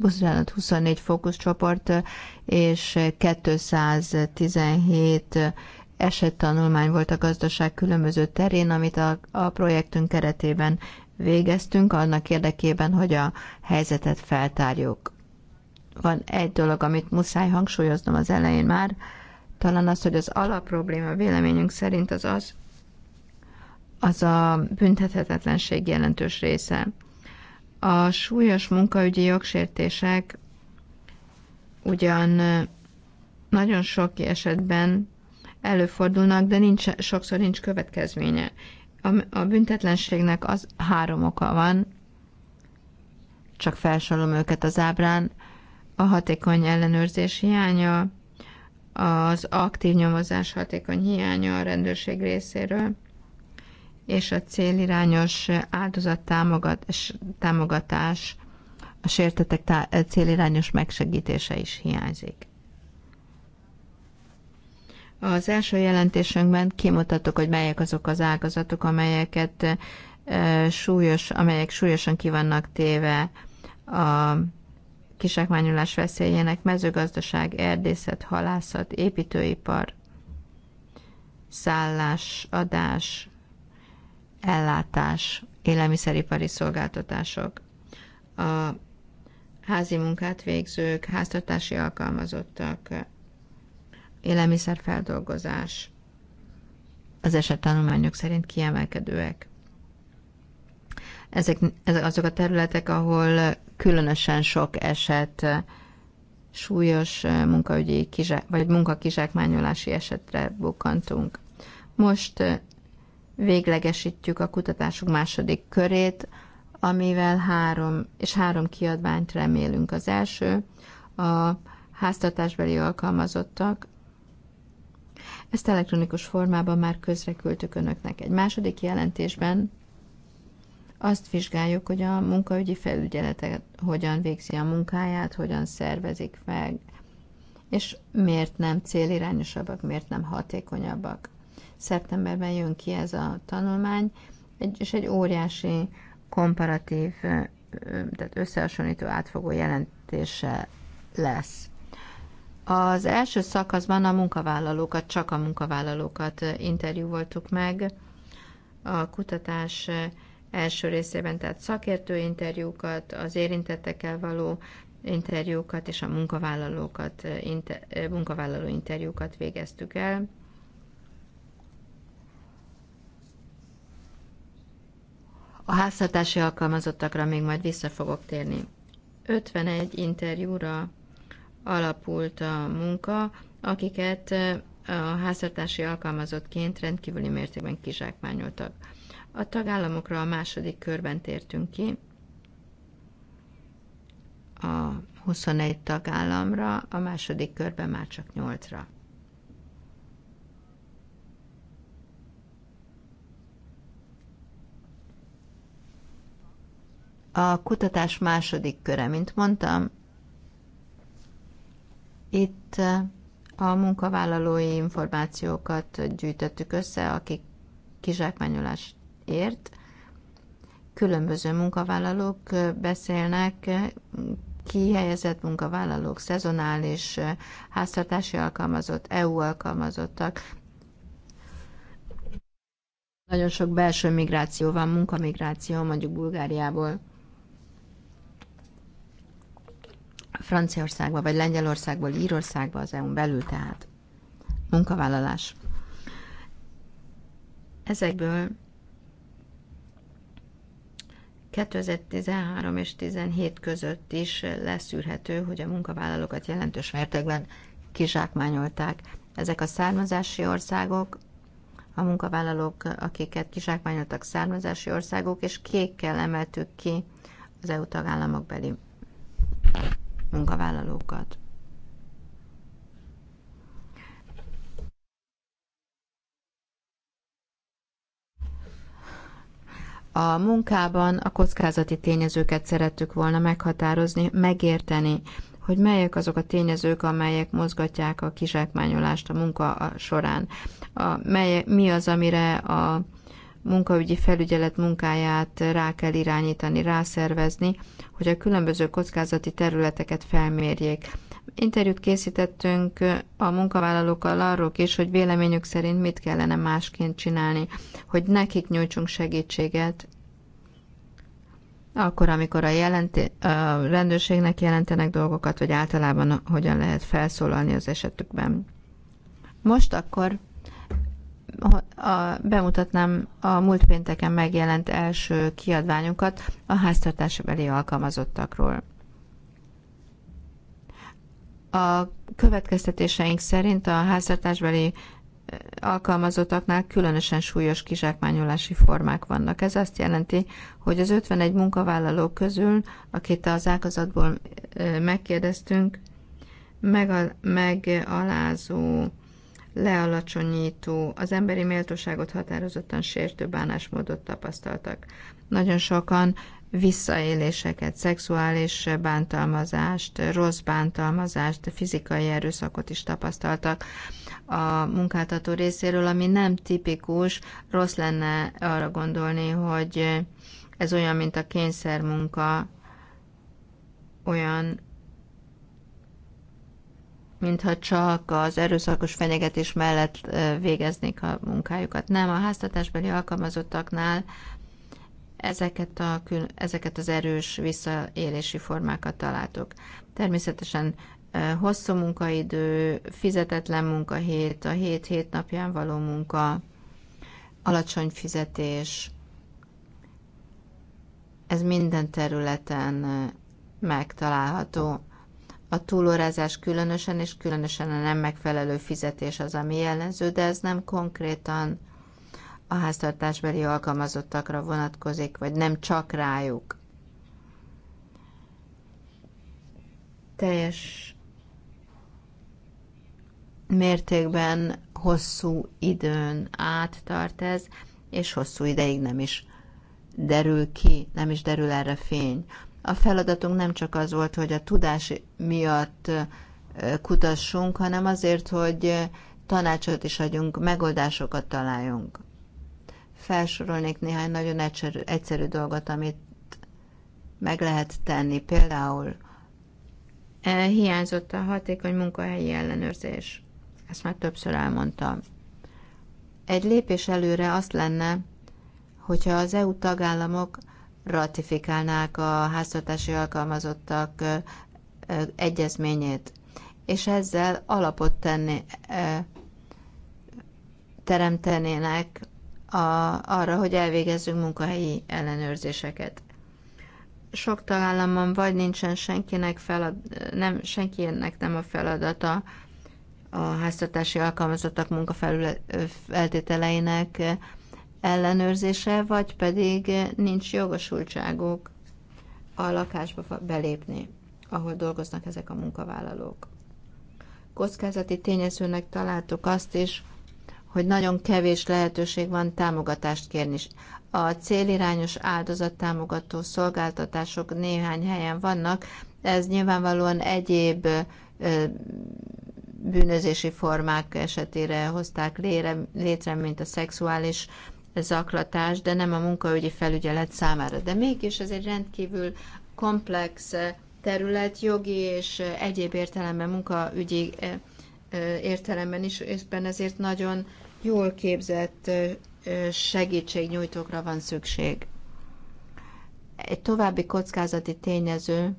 24 fókuszcsoport és 217 esettanulmány volt a gazdaság különböző terén, amit a, a projektünk keretében végeztünk, annak érdekében, hogy a helyzetet feltárjuk. Van egy dolog, amit muszáj hangsúlyoznom az elején már, talán az, hogy az alapprobléma véleményünk szerint az az, az a büntethetetlenség jelentős része. A súlyos munkaügyi jogsértések ugyan nagyon sok esetben előfordulnak, de nincs, sokszor nincs következménye. A, a büntetlenségnek az három oka van, csak felsorolom őket az ábrán, a hatékony ellenőrzés hiánya, az aktív nyomozás hatékony hiánya a rendőrség részéről, és a célirányos áldozat támogatás, a sértetek tá- eh, célirányos megsegítése is hiányzik. Az első jelentésünkben kimutattuk, hogy melyek azok az ágazatok, amelyeket eh, súlyos, amelyek súlyosan kivannak téve a kizsákmányolás veszélyének mezőgazdaság, erdészet, halászat, építőipar, szállás, adás, ellátás, élelmiszeripari szolgáltatások, a házi munkát végzők, háztartási alkalmazottak, élelmiszerfeldolgozás, az esettanulmányok szerint kiemelkedőek. Ezek, ezek azok a területek, ahol különösen sok eset súlyos eh, munkaügyi kizsák, vagy munkakizsákmányolási esetre bukantunk. Most eh, véglegesítjük a kutatások második körét, amivel három és három kiadványt remélünk. Az első a háztartásbeli alkalmazottak. Ezt elektronikus formában már közreküldtük önöknek. Egy második jelentésben azt vizsgáljuk, hogy a munkaügyi felügyeletet hogyan végzi a munkáját, hogyan szervezik meg, és miért nem célirányosabbak, miért nem hatékonyabbak. Szeptemberben jön ki ez a tanulmány, és egy óriási komparatív, tehát összehasonlító átfogó jelentése lesz. Az első szakaszban a munkavállalókat, csak a munkavállalókat interjúvoltuk meg. A kutatás első részében, tehát szakértő interjúkat, az érintettekkel való interjúkat és a munkavállalókat, inter, munkavállaló interjúkat végeztük el. A háztartási alkalmazottakra még majd vissza fogok térni. 51 interjúra alapult a munka, akiket a háztartási alkalmazottként rendkívüli mértékben kizsákmányoltak. A tagállamokra a második körben tértünk ki, a 21 tagállamra, a második körben már csak 8-ra. a kutatás második köre, mint mondtam, itt eh, a munkavállalói információkat gyűjtöttük össze, akik kizsákmányolás ért. Különböző munkavállalók eh, beszélnek, eh, kihelyezett munkavállalók, szezonális, háztartási alkalmazott, EU alkalmazottak. Nagyon sok belső migráció van, munkamigráció mondjuk Bulgáriából Franciaországba, vagy Lengyelországból, Írországba az EU-n belül, tehát munkavállalás. Ezekből 2013 és 2017 között is leszűrhető, hogy a munkavállalókat jelentős mértékben kizsákmányolták. Ezek a származási országok, a munkavállalók, akiket kizsákmányoltak származási országok, és kékkel emeltük ki az EU tagállamok beli munkavállalókat. A munkában a kockázati tényezőket szerettük volna meghatározni, megérteni, hogy melyek azok a tényezők, amelyek mozgatják a kizsákmányolást a munka során. A, mely, mi az, amire a munkaügyi felügyelet munkáját rá kell irányítani, rászervezni, hogy a különböző kockázati területeket felmérjék. Interjút készítettünk a munkavállalókkal arról is, hogy véleményük szerint mit kellene másként csinálni, hogy nekik nyújtsunk segítséget, akkor, amikor a, jelenti, a rendőrségnek jelentenek dolgokat, vagy általában hogyan lehet felszólalni az esetükben. Most akkor a, bemutatnám a múlt pénteken megjelent első kiadványunkat a háztartásbeli alkalmazottakról. A következtetéseink szerint a háztartásbeli eh, alkalmazottaknál különösen súlyos kizsákmányolási formák vannak. Ez azt jelenti, hogy az 51 munkavállaló közül, akit az ágazatból eh, megkérdeztünk, megal- megalázó lealacsonyító, az emberi méltóságot határozottan sértő bánásmódot tapasztaltak. Nagyon sokan visszaéléseket, szexuális bántalmazást, rossz bántalmazást, fizikai erőszakot is tapasztaltak a munkáltató részéről, ami nem tipikus, rossz lenne arra gondolni, hogy ez olyan, mint a kényszermunka, olyan mintha csak az erőszakos fenyegetés mellett végeznék a munkájukat. Nem, a háztatásbeli alkalmazottaknál ezeket, a, ezeket az erős visszaélési formákat találtuk. Természetesen hosszú munkaidő, fizetetlen munkahét, a hét-hét napján való munka, alacsony fizetés, ez minden területen megtalálható. A túlórázás különösen, és különösen a nem megfelelő fizetés az, ami jellemző, de ez nem konkrétan a háztartásbeli alkalmazottakra vonatkozik, vagy nem csak rájuk. Teljes mértékben hosszú időn át tart ez, és hosszú ideig nem is derül ki, nem is derül erre fény a feladatunk nem csak az volt, hogy a tudás miatt kutassunk, hanem azért, hogy tanácsot is adjunk, megoldásokat találjunk. Felsorolnék néhány nagyon egyszerű, egyszerű dolgot, amit meg lehet tenni. Például hiányzott a hatékony munkahelyi ellenőrzés. Ezt már többször elmondtam. Egy lépés előre azt lenne, hogyha az EU tagállamok ratifikálnák a háztartási alkalmazottak egyezményét, és ezzel alapot tenni, teremtenének a, arra, hogy elvégezzünk munkahelyi ellenőrzéseket. Sok tagállamban vagy nincsen senkinek felad, nem, senkinek nem a feladata a háztartási alkalmazottak munkafeltételeinek ellenőrzése, vagy pedig nincs jogosultságuk a lakásba belépni, ahol dolgoznak ezek a munkavállalók. Kockázati tényezőnek találtuk azt is, hogy nagyon kevés lehetőség van támogatást kérni. A célirányos áldozattámogató szolgáltatások néhány helyen vannak, ez nyilvánvalóan egyéb bűnözési formák esetére hozták létre, mint a szexuális zaklatás, de nem a munkaügyi felügyelet számára. De mégis ez egy rendkívül komplex eh, terület, jogi és eh, egyéb értelemben, munkaügyi eh, értelemben is, és ezért nagyon jól képzett segítségnyújtókra van szükség. Egy további kockázati tényező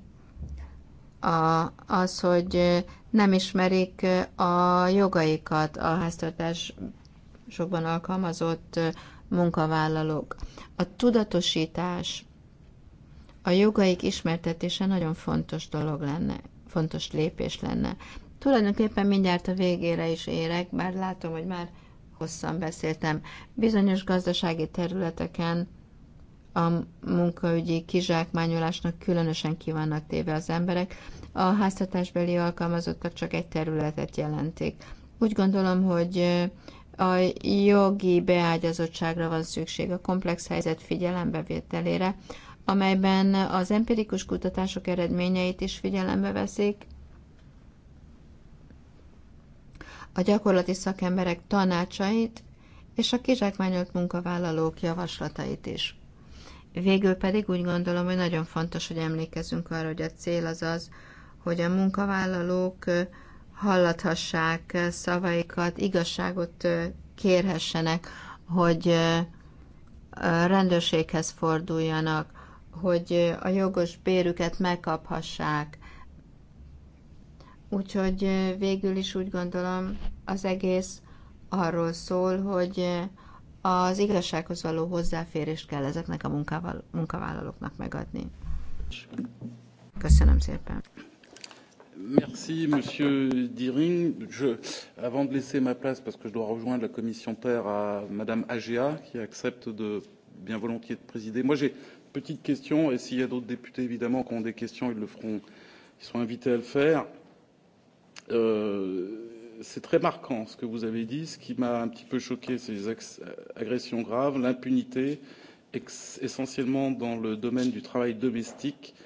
a, az, hogy nem ismerik a jogaikat a háztartásokban alkalmazott munkavállalók. A tudatosítás, a jogaik ismertetése nagyon fontos dolog lenne, fontos lépés lenne. Tulajdonképpen mindjárt a végére is érek, bár látom, hogy már hosszan beszéltem. Bizonyos gazdasági területeken a munkaügyi kizsákmányolásnak különösen kivannak téve az emberek. A háztatásbeli alkalmazottak csak egy területet jelentik. Úgy gondolom, hogy a jogi beágyazottságra van szükség, a komplex helyzet figyelembevételére, amelyben az empirikus kutatások eredményeit is figyelembe veszik, a gyakorlati szakemberek tanácsait és a kizsákmányolt munkavállalók javaslatait is. Végül pedig úgy gondolom, hogy nagyon fontos, hogy emlékezzünk arra, hogy a cél az az, hogy a munkavállalók hallathassák eh, szavaikat, igazságot eh, kérhessenek, hogy eh, rendőrséghez forduljanak, hogy a jogos bérüket megkaphassák. Úgyhogy végül is úgy gondolom, az egész arról szól, hogy az igazsághoz való hozzáférést kell ezeknek a munkavállalóknak megadni. Köszönöm szépen. Merci, Monsieur Diring. Je, avant de laisser ma place, parce que je dois rejoindre la commission terre à Madame Agea, qui accepte de bien volontiers de présider. Moi, j'ai une petite question, et s'il y a d'autres députés, évidemment, qui ont des questions, ils le feront, ils seront invités à le faire. Euh, c'est très marquant ce que vous avez dit. Ce qui m'a un petit peu choqué, c'est les agressions graves, l'impunité, essentiellement dans le domaine du travail domestique. Euh,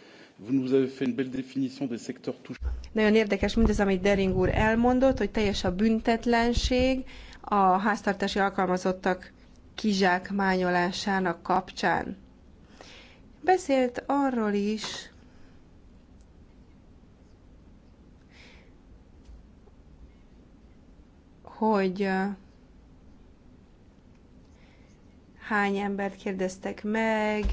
nagyon érdekes mindez, amit Dering úr elmondott, hogy teljes a büntetlenség a háztartási alkalmazottak kizsákmányolásának kapcsán. Beszélt arról is, hogy hány embert kérdeztek meg,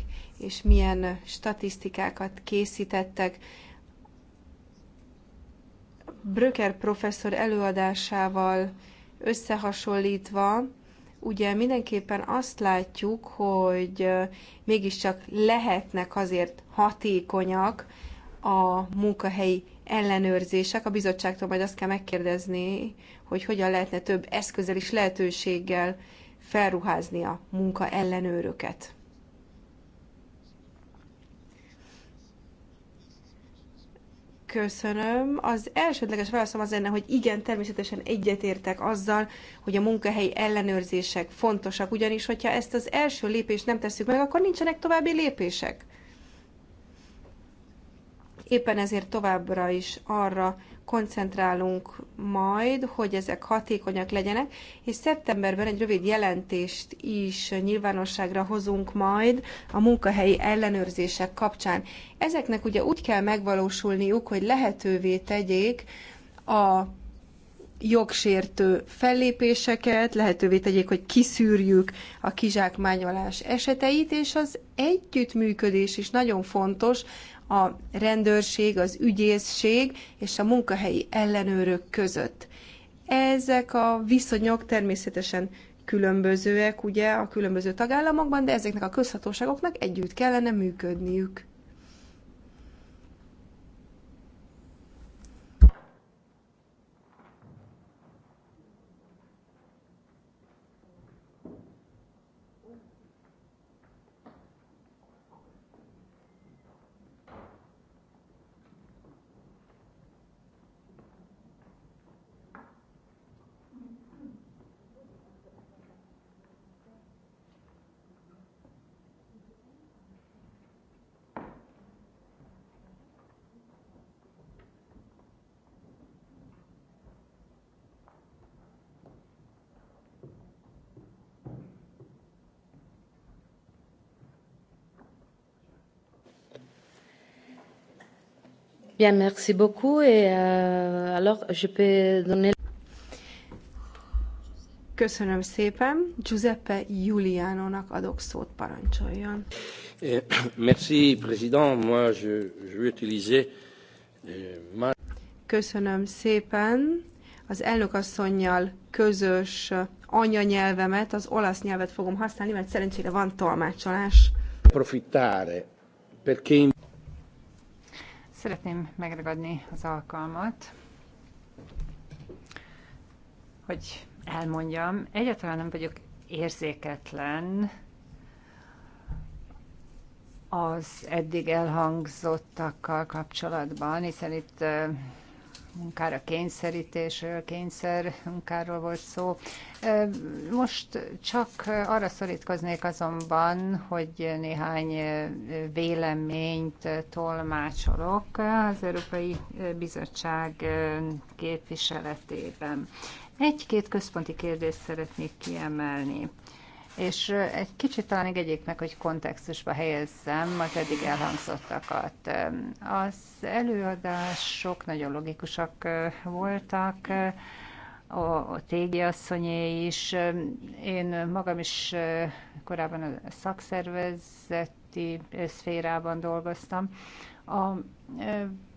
és milyen statisztikákat készítettek. Bröker professzor előadásával összehasonlítva, ugye mindenképpen azt látjuk, hogy mégiscsak lehetnek azért hatékonyak a munkahelyi ellenőrzések. A bizottságtól majd azt kell megkérdezni, hogy hogyan lehetne több eszközzel és lehetőséggel felruházni a munkaellenőröket. Köszönöm. Az elsődleges válaszom az lenne, hogy igen, természetesen egyetértek azzal, hogy a munkahelyi ellenőrzések fontosak, ugyanis, hogyha ezt az első lépést nem tesszük meg, akkor nincsenek további lépések. Éppen ezért továbbra is arra koncentrálunk majd, hogy ezek hatékonyak legyenek, és szeptemberben egy rövid jelentést is nyilvánosságra hozunk majd a munkahelyi ellenőrzések kapcsán. Ezeknek ugye úgy kell megvalósulniuk, hogy lehetővé tegyék a jogsértő fellépéseket, lehetővé tegyék, hogy kiszűrjük a kizsákmányolás eseteit, és az együttműködés is nagyon fontos a rendőrség, az ügyészség és a munkahelyi ellenőrök között. Ezek a viszonyok természetesen különbözőek ugye a különböző tagállamokban, de ezeknek a közhatóságoknak együtt kellene működniük. Bien, merci beaucoup. Et euh, alors, je peux donner... Köszönöm szépen. Giuseppe Giulianónak adok szót, parancsoljon. Eh, merci, président. Moi, je, je vais utiliser eh, ma... Köszönöm szépen. Az elnökasszonynal közös anyanyelvemet, az olasz nyelvet fogom használni, mert szerencsére van tolmácsolás. Profitare, perché in Szeretném megragadni az alkalmat, hogy elmondjam, egyáltalán nem vagyok érzéketlen az eddig elhangzottakkal kapcsolatban, hiszen itt munkára kényszerítésről, kényszer munkáról volt szó. Most csak arra szorítkoznék azonban, hogy néhány véleményt tolmácsolok az Európai Bizottság képviseletében. Egy-két központi kérdést szeretnék kiemelni és egy kicsit talán engedjék meg, hogy kontextusba helyezzem az eddig elhangzottakat. Az előadások nagyon logikusak voltak, a, Tégi asszonyé is. Én magam is korábban a szakszervezeti szférában dolgoztam, a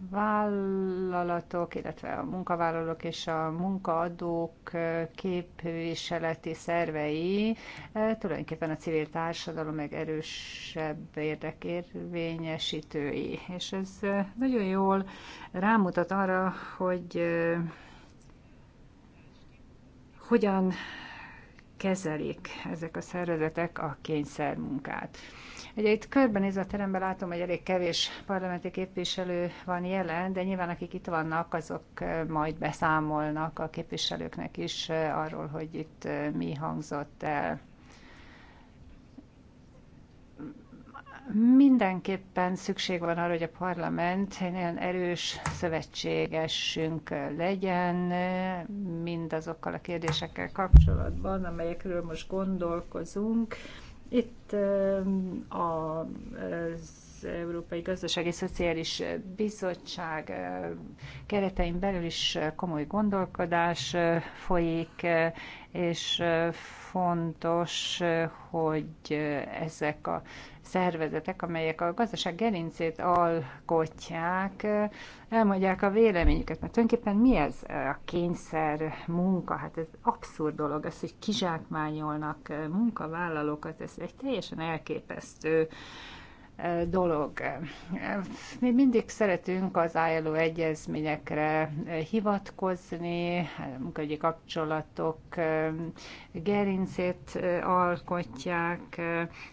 vállalatok, illetve a munkavállalók és a munkaadók képviseleti szervei tulajdonképpen a civil társadalom meg erősebb érdekérvényesítői. És ez nagyon jól rámutat arra, hogy hogyan kezelik ezek a szervezetek a kényszermunkát. munkát. Ugye itt körbenézve a teremben látom, hogy elég kevés parlamenti képviselő van jelen, de nyilván akik itt vannak, azok majd beszámolnak a képviselőknek is arról, hogy itt mi hangzott el. Mindenképpen szükség van arra, hogy a parlament egy nagyon erős szövetségesünk legyen mindazokkal a kérdésekkel kapcsolatban, amelyekről most gondolkozunk itt a Európai Gazdasági Szociális Bizottság keretein belül is komoly gondolkodás folyik, és fontos, hogy ezek a szervezetek, amelyek a gazdaság gerincét alkotják, elmondják a véleményüket. Mert tulajdonképpen mi ez a kényszer munka? Hát ez abszurd dolog, ez, hogy kizsákmányolnak munkavállalókat, ez egy teljesen elképesztő dolog. Mi mindig szeretünk az ILO egyezményekre hivatkozni, munkahogyi kapcsolatok gerincét alkotják,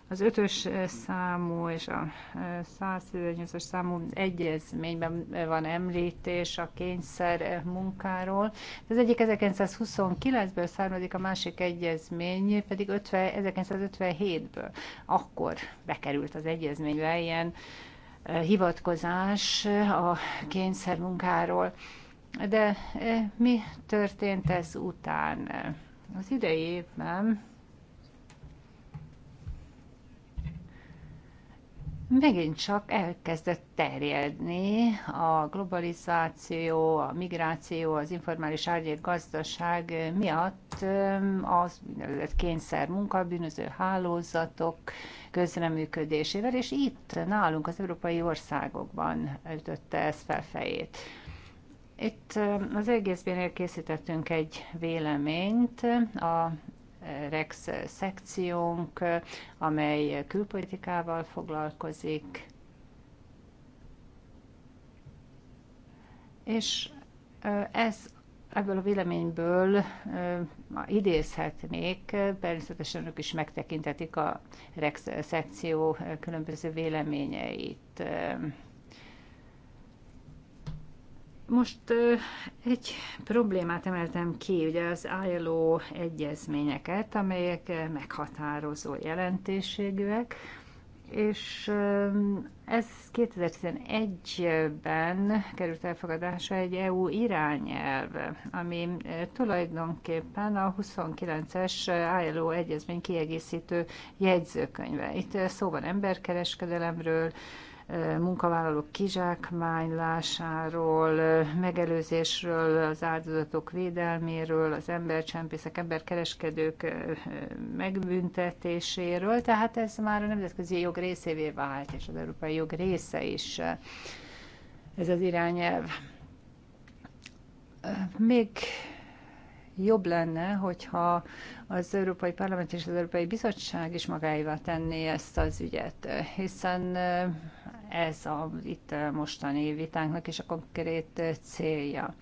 az ötös számú és a 118-as számú egyezményben van említés a kényszer munkáról. Az egyik 1929-ből származik, a másik egyezmény pedig 50, 1957-ből. Akkor bekerült az egyezmény közleménybe ilyen eh, hivatkozás a kényszermunkáról. De eh, mi történt ez után? Az idei évben megint csak elkezdett terjedni a globalizáció, a migráció, az informális árnyék gazdaság miatt az kényszer munka, bűnöző hálózatok közreműködésével, és itt nálunk az európai országokban ütötte ez felfejét. Itt az egészben készítettünk egy véleményt a Rex szekciónk, amely külpolitikával foglalkozik, és ez ebből a véleményből idézhetnék, természetesen ők is megtekintetik a Rex szekció különböző véleményeit. Most egy problémát emeltem ki, ugye az ILO egyezményeket, amelyek meghatározó jelentőségűek, és ez 2011-ben került elfogadásra egy EU irányelv, ami tulajdonképpen a 29-es ILO egyezmény kiegészítő jegyzőkönyve. Itt szó van emberkereskedelemről, munkavállalók kizsákmánylásáról, megelőzésről, az áldozatok védelméről, az embercsempészek, emberkereskedők megbüntetéséről. Tehát ez már a nemzetközi jog részévé vált, és az európai jog része is ez az irányelv. Még jobb lenne, hogyha az Európai Parlament és az Európai Bizottság is magáévá tenné ezt az ügyet, hiszen ez a itt eh, mostani vitánknak és a konkrét eh, célja.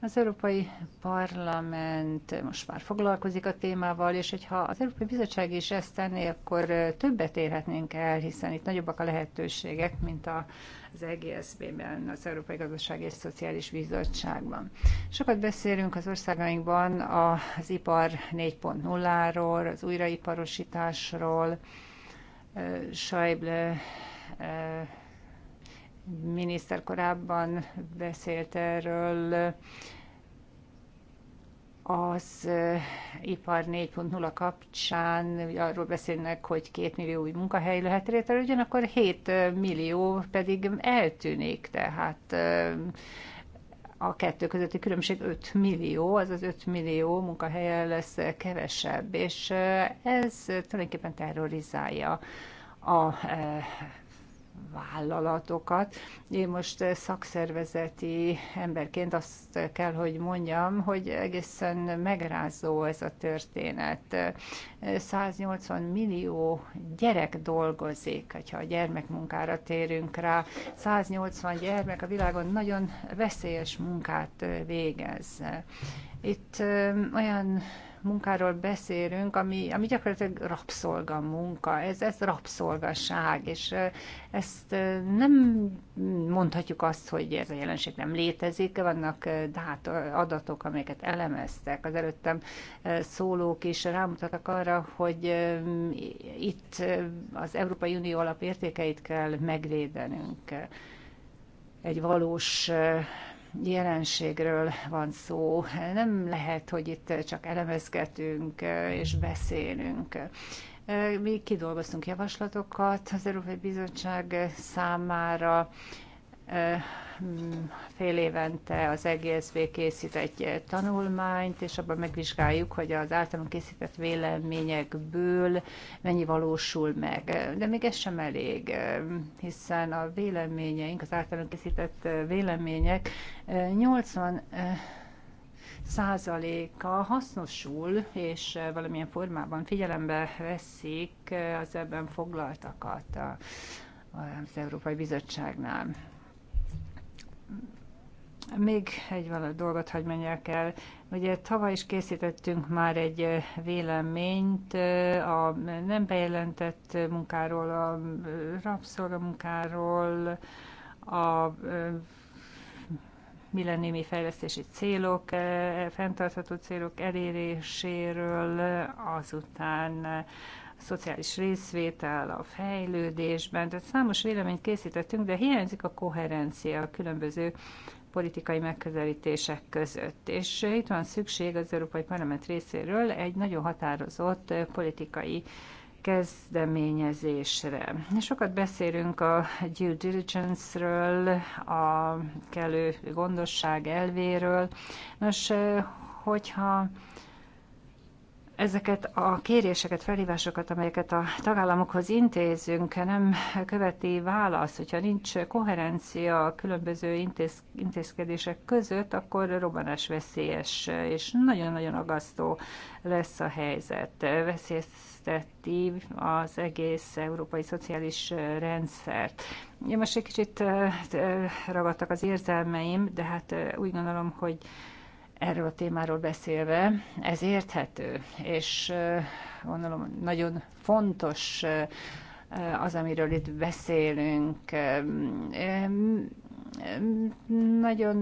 Az Európai Parlament most már foglalkozik a témával, és hogyha az Európai Bizottság is ezt tenné, akkor eh, többet érhetnénk el, hiszen itt nagyobbak a lehetőségek, mint a az EGSZB-ben, az Európai Gazdaság és Szociális Bizottságban. Sokat beszélünk az országainkban az ipar 4.0-ról, az újraiparosításról, Sajble miniszter korábban beszélt erről, az ipar 4.0 kapcsán arról beszélnek, hogy 2 millió új munkahely lehet létre, ugyanakkor 7 millió pedig eltűnik, tehát a kettő közötti különbség 5 millió, azaz 5 millió munkahelye lesz kevesebb, és ez tulajdonképpen terrorizálja a vállalatokat. Én most eh, szakszervezeti emberként azt kell, hogy mondjam, hogy egészen megrázó ez a történet. 180 eh, millió gyerek dolgozik, ha a gyermekmunkára térünk rá. 180 gyermek a világon nagyon veszélyes munkát eh, végez. Itt olyan munkáról beszélünk, ami, ami gyakorlatilag rabszolga munka, ez, ez rabszolgaság, és ezt nem mondhatjuk azt, hogy ez a jelenség nem létezik, vannak dát, adatok, amelyeket elemeztek. Az előttem szólók is rámutatnak arra, hogy itt az Európai Unió alapértékeit kell megvédenünk egy valós jelenségről van szó. Nem lehet, hogy itt csak elemezgetünk és beszélünk. Mi kidolgoztunk javaslatokat az Európai Bizottság számára, fél évente az EGSZV készít egy tanulmányt, és abban megvizsgáljuk, hogy az általunk készített véleményekből mennyi valósul meg. De még ez sem elég, hiszen a véleményeink, az általunk készített vélemények 80 eh, százaléka hasznosul, és eh, valamilyen formában figyelembe veszik eh, az ebben foglaltakat az Európai Bizottságnál. Még egy valami dolgot hagy menjek el. Ugye tavaly is készítettünk már egy véleményt a nem bejelentett munkáról, a rabszolgamunkáról, a millenniumi fejlesztési célok, fenntartható célok eléréséről, azután szociális részvétel a fejlődésben, tehát számos véleményt készítettünk, de hiányzik a koherencia a különböző politikai megközelítések között. És itt van szükség az Európai Parlament részéről egy nagyon határozott politikai kezdeményezésre. Sokat beszélünk a due diligence-ről, a kellő gondosság elvéről. Nos, hogyha ezeket a kéréseket, felhívásokat, amelyeket a tagállamokhoz intézünk, nem követi válasz. Hogyha nincs koherencia a különböző intéz, intézkedések között, akkor robbanás veszélyes, és nagyon-nagyon agasztó lesz a helyzet. Veszélyezteti az egész európai szociális rendszert. Én most egy kicsit eh, eh, ragadtak az érzelmeim, de hát eh, úgy gondolom, hogy erről a témáról beszélve, ez érthető, és gondolom nagyon fontos az, amiről itt beszélünk. Nagyon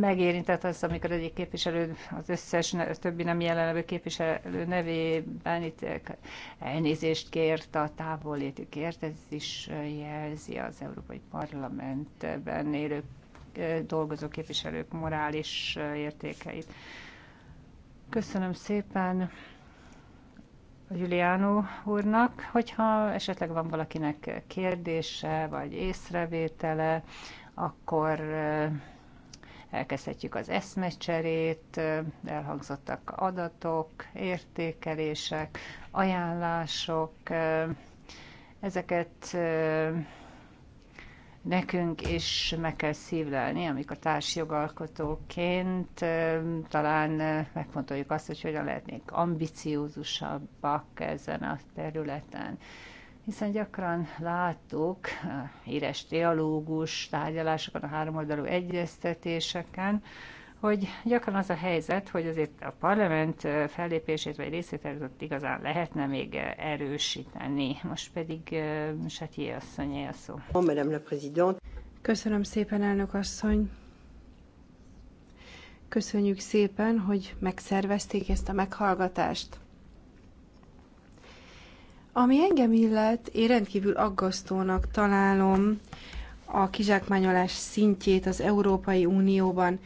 megérintett az, amikor egyik képviselő, az összes az többi nem jelenlevő képviselő nevében itt elnézést kért a távolétükért, ez is jelzi az Európai Parlamentben élő dolgozó képviselők morális értékeit. Köszönöm szépen a Juliánó úrnak, hogyha esetleg van valakinek kérdése vagy észrevétele, akkor elkezdhetjük az eszmecserét, elhangzottak adatok, értékelések, ajánlások, ezeket nekünk is meg kell szívlelni, amikor társjogalkotóként talán megfontoljuk azt, hogy hogyan lehetnénk ambiciózusabbak ezen a területen. Hiszen gyakran láttuk híres dialógus tárgyalásokon, a háromoldalú egyeztetéseken, hogy gyakran az a helyzet, hogy azért a parlament fellépését vagy részvételét igazán lehetne még erősíteni. Most pedig Satyi asszony a szó. Köszönöm szépen, elnök asszony. Köszönjük szépen, hogy megszervezték ezt a meghallgatást. Ami engem illet, én rendkívül aggasztónak találom a kizsákmányolás szintjét az Európai Unióban.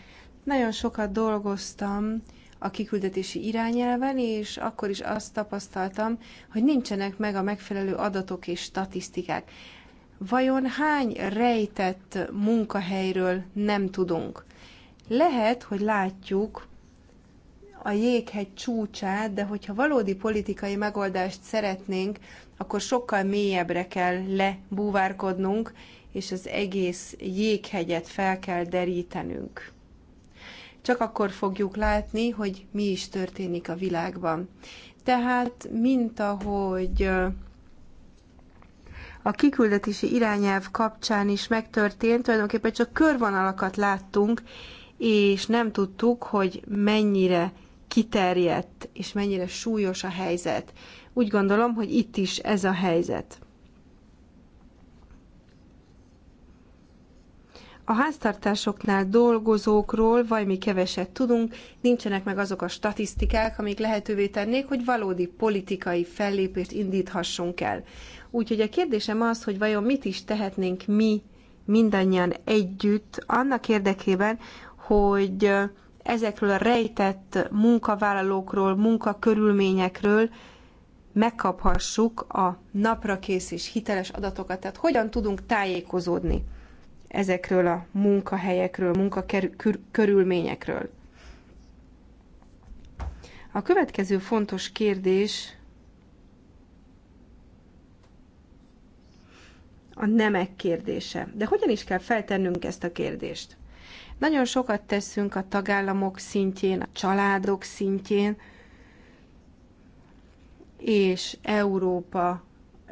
Nagyon sokat dolgoztam a kiküldetési irányelven, és akkor is azt tapasztaltam, hogy nincsenek meg a megfelelő adatok és statisztikák. Vajon hány rejtett munkahelyről nem tudunk? Lehet, hogy látjuk a jéghegy csúcsát, de hogyha valódi politikai megoldást szeretnénk, akkor sokkal mélyebbre kell lebúvárkodnunk, és az egész jéghegyet fel kell derítenünk. Csak akkor fogjuk látni, hogy mi is történik a világban. Tehát, mint ahogy a kiküldetési irányelv kapcsán is megtörtént, tulajdonképpen csak körvonalakat láttunk, és nem tudtuk, hogy mennyire kiterjedt és mennyire súlyos a helyzet. Úgy gondolom, hogy itt is ez a helyzet. A háztartásoknál dolgozókról vajmi keveset tudunk, nincsenek meg azok a statisztikák, amik lehetővé tennék, hogy valódi politikai fellépést indíthassunk el. Úgyhogy a kérdésem az, hogy vajon mit is tehetnénk mi mindannyian együtt annak érdekében, hogy ezekről a rejtett munkavállalókról, munkakörülményekről megkaphassuk a naprakész és hiteles adatokat. Tehát hogyan tudunk tájékozódni? ezekről a munkahelyekről, munkakörülményekről. A következő fontos kérdés a nemek kérdése. De hogyan is kell feltennünk ezt a kérdést? Nagyon sokat teszünk a tagállamok szintjén, a családok szintjén, és Európa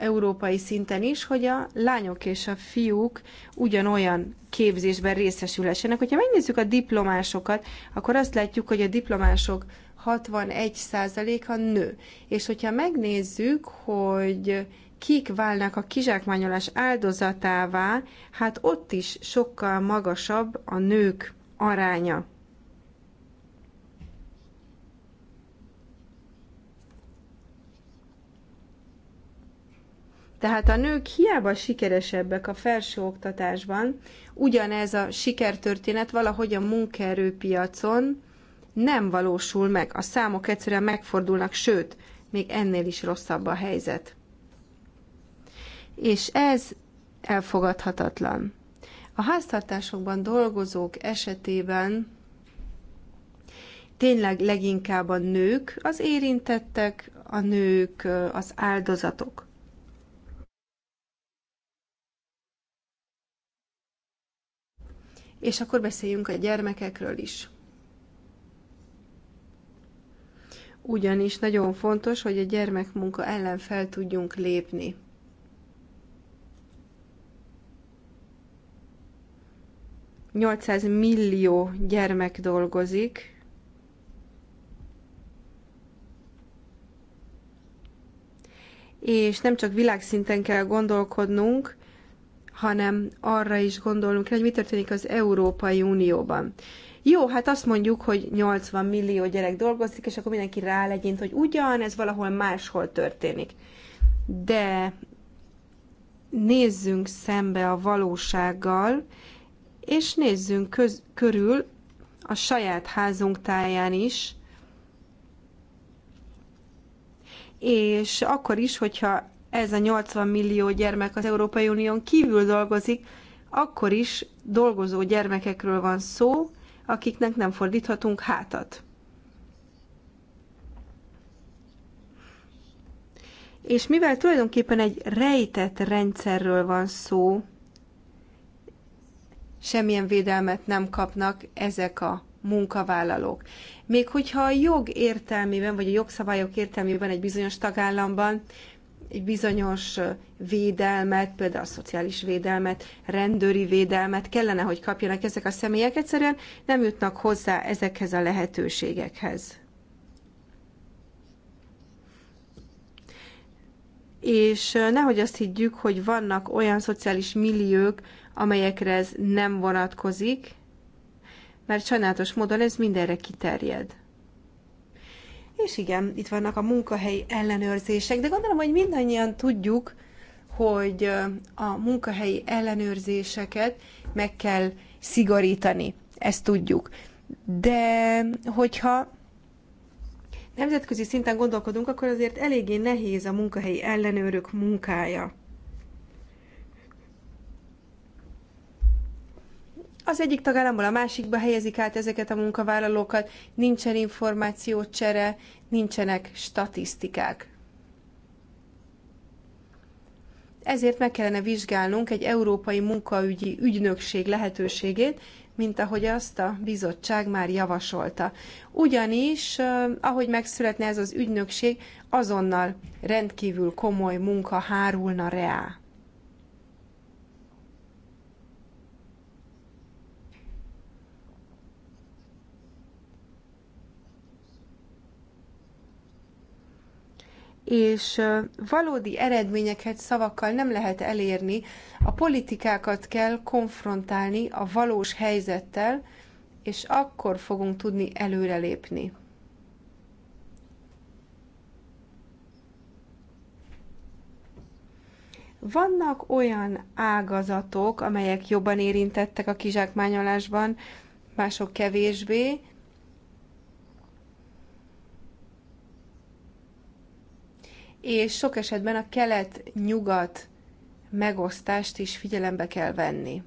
európai szinten is, hogy a lányok és a fiúk ugyanolyan képzésben részesülhessenek. Hogyha megnézzük a diplomásokat, akkor azt látjuk, hogy a diplomások 61%-a nő. És hogyha megnézzük, hogy kik válnak a kizsákmányolás áldozatává, hát ott is sokkal magasabb a nők aránya. Tehát a nők hiába sikeresebbek a felsőoktatásban, ugyanez a sikertörténet valahogy a munkaerőpiacon nem valósul meg. A számok egyszerűen megfordulnak, sőt, még ennél is rosszabb a helyzet. És ez elfogadhatatlan. A háztartásokban dolgozók esetében tényleg leginkább a nők az érintettek, a nők az áldozatok. és akkor beszéljünk a gyermekekről is. Ugyanis nagyon fontos, hogy a gyermekmunka ellen fel tudjunk lépni. Nyolcszáz millió gyermek dolgozik, és nem csak világszinten kell gondolkodnunk, hanem arra is gondolnunk hogy mi történik az Európai Unióban. Jó, hát azt mondjuk, hogy 80 millió gyerek dolgozik, és akkor mindenki legyint, hogy ugyan, ez valahol máshol történik. De nézzünk szembe a valósággal, és nézzünk köz, körül a saját házunk táján is, és akkor is, hogyha ez a 80 millió gyermek az Európai Unión kívül dolgozik, akkor is dolgozó gyermekekről van szó, akiknek nem fordíthatunk hátat. És mivel tulajdonképpen egy rejtett rendszerről van szó, semmilyen védelmet nem kapnak ezek a munkavállalók. Még hogyha a jog értelmében, vagy a jogszabályok értelmében egy bizonyos tagállamban egy bizonyos védelmet, például a szociális védelmet, rendőri védelmet kellene, hogy kapjanak ezek a személyek, egyszerűen nem jutnak hozzá ezekhez a lehetőségekhez. És nehogy azt higgyük, hogy vannak olyan szociális milliók, amelyekre ez nem vonatkozik, mert sajnálatos módon ez mindenre kiterjed. És igen, itt vannak a munkahelyi ellenőrzések, de gondolom, hogy mindannyian tudjuk, hogy a munkahelyi ellenőrzéseket meg kell szigorítani. Ezt tudjuk. De hogyha nemzetközi szinten gondolkodunk, akkor azért eléggé nehéz a munkahelyi ellenőrök munkája. az egyik tagállamból a másikba helyezik át ezeket a munkavállalókat, nincsen információcsere, nincsenek statisztikák. Ezért meg kellene vizsgálnunk egy európai munkaügyi ügynökség lehetőségét, mint ahogy azt a bizottság már javasolta. Ugyanis, ahogy megszületne ez az ügynökség, azonnal rendkívül komoly munka hárulna reá. és valódi eredményeket szavakkal nem lehet elérni. A politikákat kell konfrontálni a valós helyzettel, és akkor fogunk tudni előrelépni. Vannak olyan ágazatok, amelyek jobban érintettek a kizsákmányolásban, mások kevésbé, és sok esetben a kelet-nyugat megosztást is figyelembe kell venni.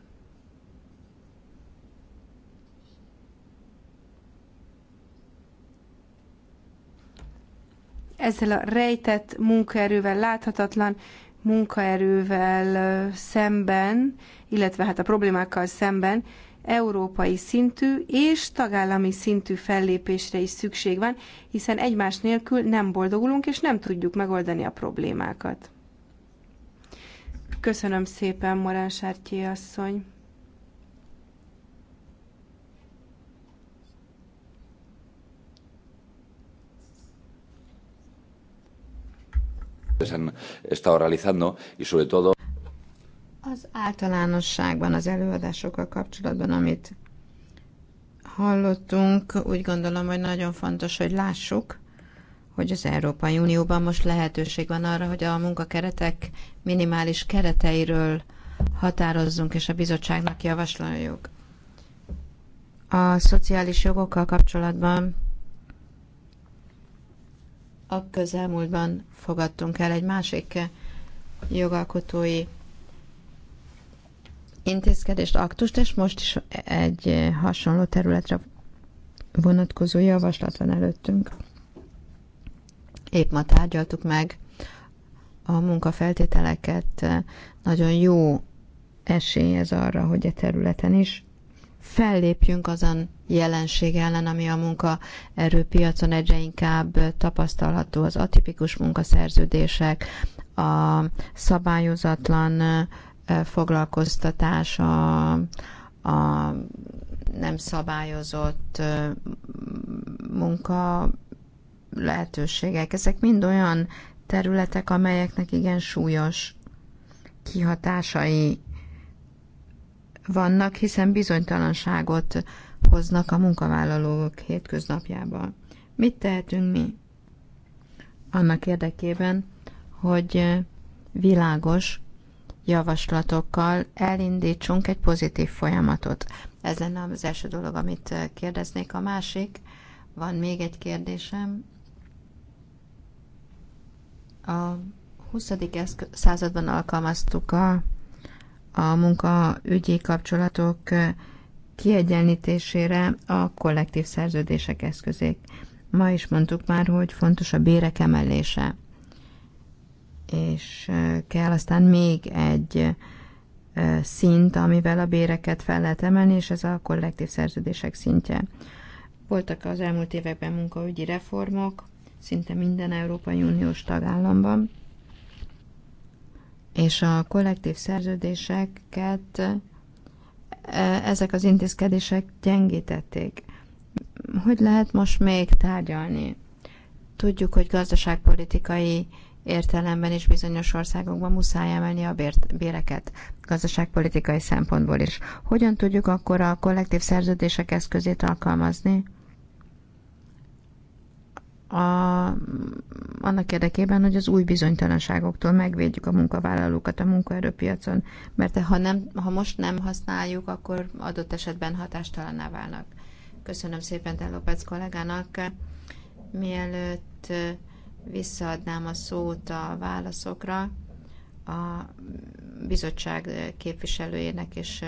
Ezzel a rejtett munkaerővel, láthatatlan munkaerővel szemben, illetve hát a problémákkal szemben európai szintű és tagállami szintű fellépésre is szükség van, hiszen egymás nélkül nem boldogulunk és nem tudjuk megoldani a problémákat. Köszönöm szépen, Morán Sártyi asszony! han estado realizando y sobre todo az általánosságban, az előadásokkal kapcsolatban, amit hallottunk, úgy gondolom, hogy nagyon fontos, hogy lássuk, hogy az Európai Unióban most lehetőség van arra, hogy a munkakeretek minimális kereteiről határozzunk, és a bizottságnak javasoljuk. A szociális jogokkal kapcsolatban a közelmúltban fogadtunk el egy másik jogalkotói intézkedést, aktust, és most is egy eh, hasonló területre vonatkozó javaslat van előttünk. Épp ma tárgyaltuk meg a munkafeltételeket. Eh, nagyon jó esély ez arra, hogy a e területen is fellépjünk azon jelenség ellen, ami a munkaerőpiacon egyre inkább tapasztalható, az atipikus munkaszerződések, a szabályozatlan eh, foglalkoztatás, a, a nem szabályozott munka lehetőségek, ezek mind olyan területek, amelyeknek igen súlyos kihatásai vannak, hiszen bizonytalanságot hoznak a munkavállalók hétköznapjába. Mit tehetünk mi? Annak érdekében, hogy világos, javaslatokkal elindítsunk egy pozitív folyamatot. Ez lenne az első dolog, amit eh, kérdeznék. A másik, van még egy kérdésem. A 20. században alkalmaztuk a, a munkaügyi kapcsolatok eh, kiegyenlítésére a kollektív szerződések eszközét. Ma is mondtuk már, hogy fontos a bérek emelése és kell aztán még egy szint, amivel a béreket fel lehet emelni, és ez a kollektív szerződések szintje. Voltak az elmúlt években munkaügyi reformok, szinte minden Európai Uniós tagállamban, és a kollektív szerződéseket ezek az intézkedések gyengítették. Hogy lehet most még tárgyalni? Tudjuk, hogy gazdaságpolitikai értelemben is bizonyos országokban muszáj emelni a bért, béreket, gazdaságpolitikai szempontból is. Hogyan tudjuk akkor a kollektív szerződések eszközét alkalmazni? A, annak érdekében, hogy az új bizonytalanságoktól megvédjük a munkavállalókat a munkaerőpiacon, mert ha, nem, ha most nem használjuk, akkor adott esetben hatástalanná válnak. Köszönöm szépen Delopec kollégának. Mielőtt visszaadnám a szót a válaszokra a bizottság képviselőjének, és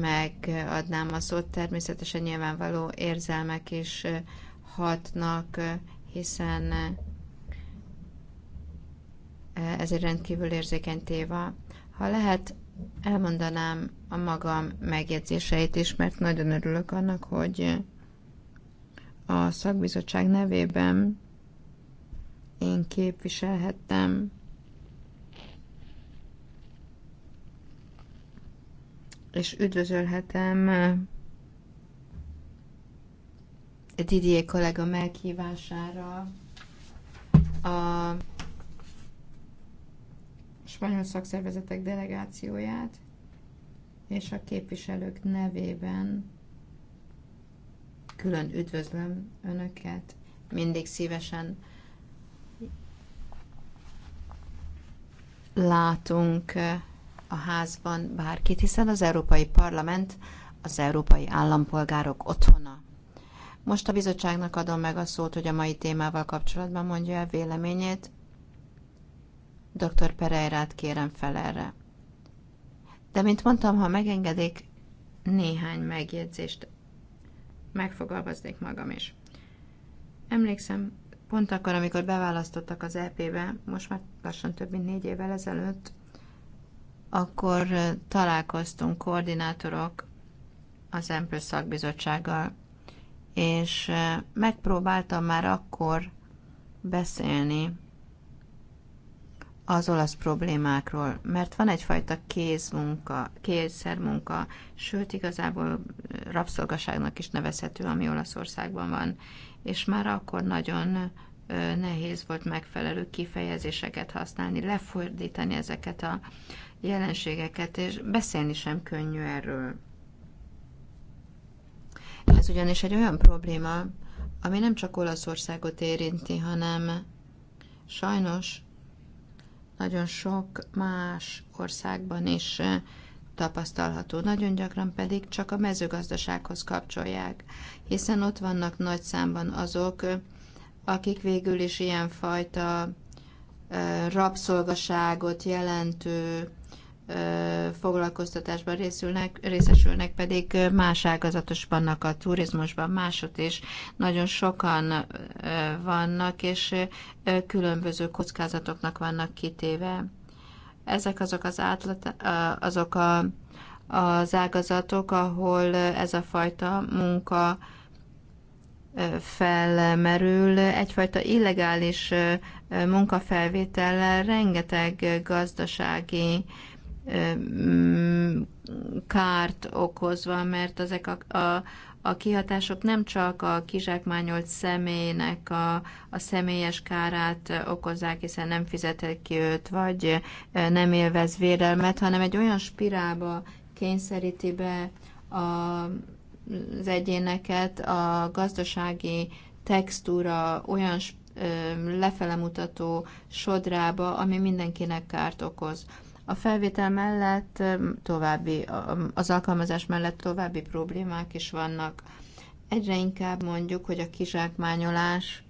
megadnám a szót. Természetesen nyilvánvaló érzelmek is hatnak, hiszen ez egy rendkívül érzékeny téva. Ha lehet, elmondanám a magam megjegyzéseit is, mert nagyon örülök annak, hogy a szakbizottság nevében én képviselhettem és üdvözölhetem Didier kollega meghívására a spanyol szakszervezetek delegációját, és a képviselők nevében külön üdvözlöm Önöket. Mindig szívesen látunk eh, a házban bárkit, hiszen az Európai Parlament az európai állampolgárok otthona. Most a bizottságnak adom meg a szót, hogy a mai témával kapcsolatban mondja el véleményét. Dr. Pereirát kérem fel erre. De, mint mondtam, ha megengedik, néhány megjegyzést megfogalmaznék magam is. Emlékszem, pont akkor, amikor beválasztottak az EP-be, most már lassan több mint négy évvel ezelőtt, akkor találkoztunk koordinátorok az Empress szakbizottsággal, és megpróbáltam már akkor beszélni az olasz problémákról, mert van egyfajta kézmunka, kézszermunka, sőt igazából rabszolgaságnak is nevezhető, ami Olaszországban van, és már akkor nagyon nehéz volt megfelelő kifejezéseket használni, lefordítani ezeket a jelenségeket, és beszélni sem könnyű erről. Ez ugyanis egy olyan probléma, ami nem csak Olaszországot érinti, hanem sajnos nagyon sok más országban is tapasztalható. Nagyon gyakran pedig csak a mezőgazdasághoz kapcsolják, hiszen ott vannak nagy számban azok, akik végül is ilyenfajta rabszolgaságot jelentő foglalkoztatásban részülnek, részesülnek, pedig más ágazatos vannak a turizmusban, másot is. Nagyon sokan vannak, és különböző kockázatoknak vannak kitéve. Ezek azok az átlat, azok a, az ágazatok, ahol ez a fajta munka felmerül. Egyfajta illegális munkafelvétellel rengeteg gazdasági kárt okozva, mert ezek a, a, a kihatások nem csak a kizsákmányolt személynek a, a személyes kárát okozzák, hiszen nem fizetek ki őt, vagy nem élvez védelmet, hanem egy olyan spirálba kényszeríti be a, az egyéneket a gazdasági textúra olyan lefelemutató mutató sodrába, ami mindenkinek kárt okoz. A felvétel mellett további, az alkalmazás mellett további problémák is vannak. Egyre inkább mondjuk, hogy a kizsákmányolás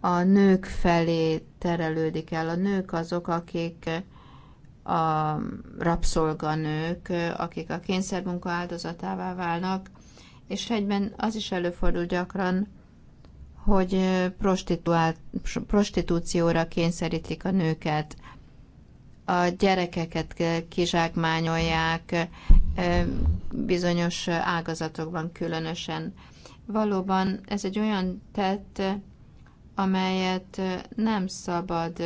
a nők felé terelődik el. A nők azok, akik a rabszolganők, akik a kényszermunka áldozatává válnak, és egyben az is előfordul gyakran, hogy prostitúcióra kényszerítik a nőket a gyerekeket kizsákmányolják bizonyos ágazatokban különösen. Valóban ez egy olyan tett, amelyet nem szabad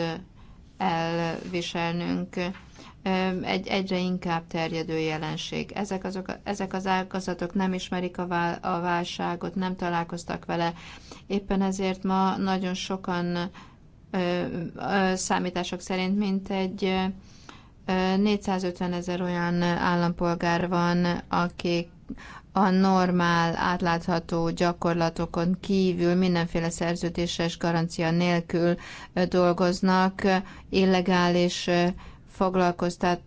elviselnünk. Egy egyre inkább terjedő jelenség. Ezek, azok, ezek az ágazatok nem ismerik a, vál, a válságot, nem találkoztak vele. Éppen ezért ma nagyon sokan számítások szerint mint egy 450 ezer olyan állampolgár van, akik a normál, átlátható gyakorlatokon kívül mindenféle szerződéses garancia nélkül dolgoznak, illegális foglalkoztat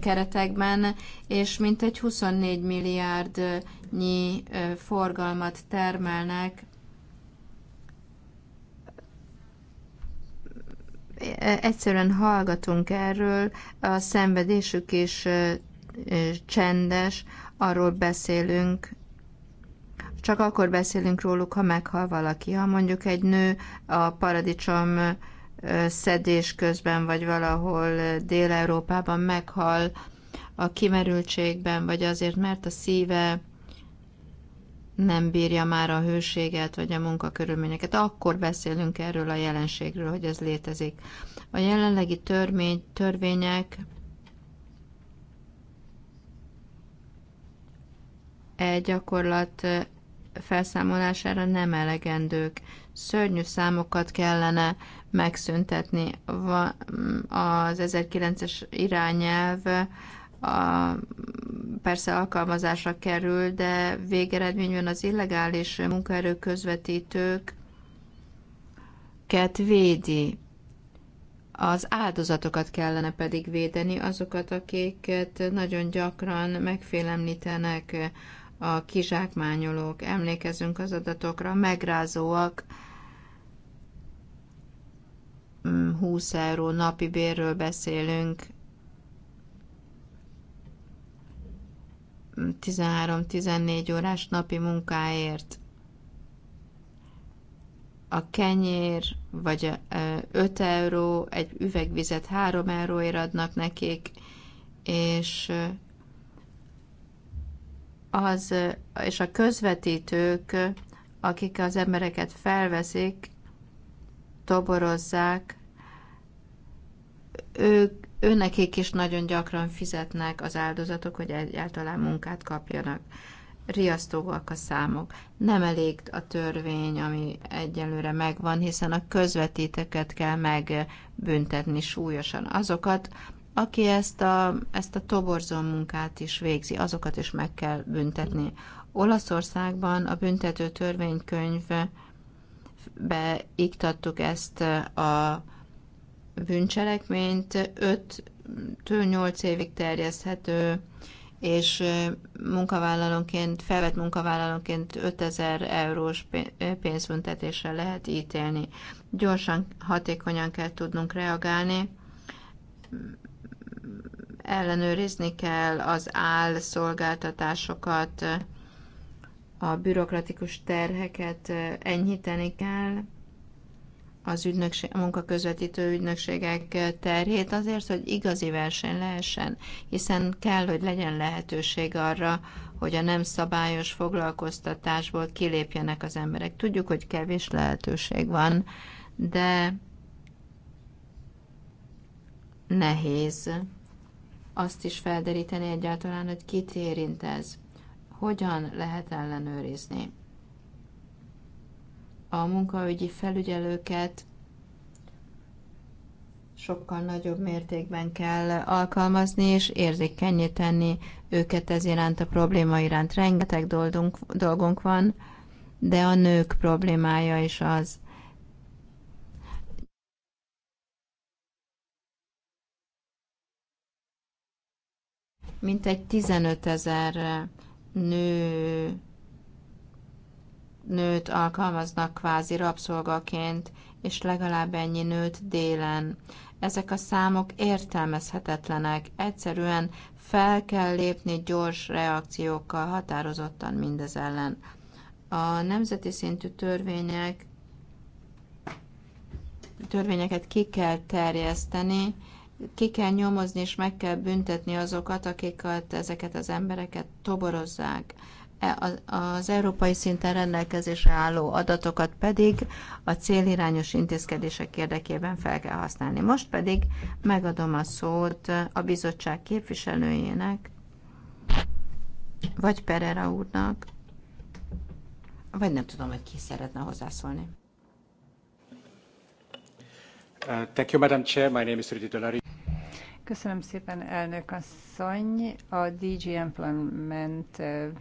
keretekben, és mintegy 24 milliárdnyi forgalmat termelnek E, egyszerűen hallgatunk erről, a szenvedésük is e, e, csendes, arról beszélünk, csak akkor beszélünk róluk, ha meghal valaki. Ha mondjuk egy nő a paradicsom szedés közben, vagy valahol Dél-Európában meghal a kimerültségben, vagy azért, mert a szíve nem bírja már a hőséget vagy a munkakörülményeket, akkor beszélünk erről a jelenségről, hogy ez létezik. A jelenlegi törvény, törvények egy gyakorlat e, felszámolására nem elegendők. Szörnyű számokat kellene megszüntetni. Az 1900-es irányelv a, persze alkalmazásra kerül, de végeredményben az illegális munkaerő közvetítőket védi. Az áldozatokat kellene pedig védeni, azokat, akiket nagyon gyakran megfélemlítenek a kizsákmányolók. Emlékezünk az adatokra, megrázóak, 20 mm, euró napi bérről beszélünk, 13-14 órás napi munkáért a kenyér, vagy 5 euró, egy üvegvizet 3 euróért adnak nekik, és az, és a közvetítők, akik az embereket felveszik, toborozzák, ők őnekik is nagyon gyakran fizetnek az áldozatok, hogy egyáltalán munkát kapjanak. Riasztóak a számok. Nem elég a törvény, ami egyelőre megvan, hiszen a közvetíteket kell megbüntetni súlyosan. Azokat, aki ezt a, ezt a toborzó munkát is végzi, azokat is meg kell büntetni. Olaszországban a büntető törvénykönyvbe iktattuk ezt a bűncselekményt 5 8 évig terjeszthető, és munkavállalónként, felvett munkavállalónként 5000 eurós pénzbüntetésre lehet ítélni. Gyorsan, hatékonyan kell tudnunk reagálni, ellenőrizni kell az áll szolgáltatásokat, a bürokratikus terheket enyhíteni kell, az ügynökség, a munkaközvetítő ügynökségek terhét azért, hogy igazi verseny lehessen, hiszen kell, hogy legyen lehetőség arra, hogy a nem szabályos foglalkoztatásból kilépjenek az emberek. Tudjuk, hogy kevés lehetőség van, de nehéz azt is felderíteni egyáltalán, hogy kit érint ez, hogyan lehet ellenőrizni a munkaügyi felügyelőket sokkal nagyobb mértékben kell alkalmazni és érzékenyé tenni őket ez iránt, a probléma iránt. Rengeteg dolgunk, dolgunk van, de a nők problémája is az. Mintegy 15 ezer nő nőt alkalmaznak kvázi rabszolgaként, és legalább ennyi nőt délen. Ezek a számok értelmezhetetlenek, egyszerűen fel kell lépni gyors reakciókkal határozottan mindez ellen. A nemzeti szintű törvények törvényeket ki kell terjeszteni, ki kell nyomozni és meg kell büntetni azokat, akiket ezeket az embereket toborozzák. E, az európai szinten rendelkezésre álló adatokat pedig a célirányos intézkedések érdekében fel kell használni. Most pedig megadom a szót a bizottság képviselőjének, vagy Perera úrnak, vagy nem tudom, hogy ki szeretne hozzászólni. Uh, thank you, Madam Chair. My name is Rudy Dolari. Köszönöm szépen, elnök asszony. A DG Employment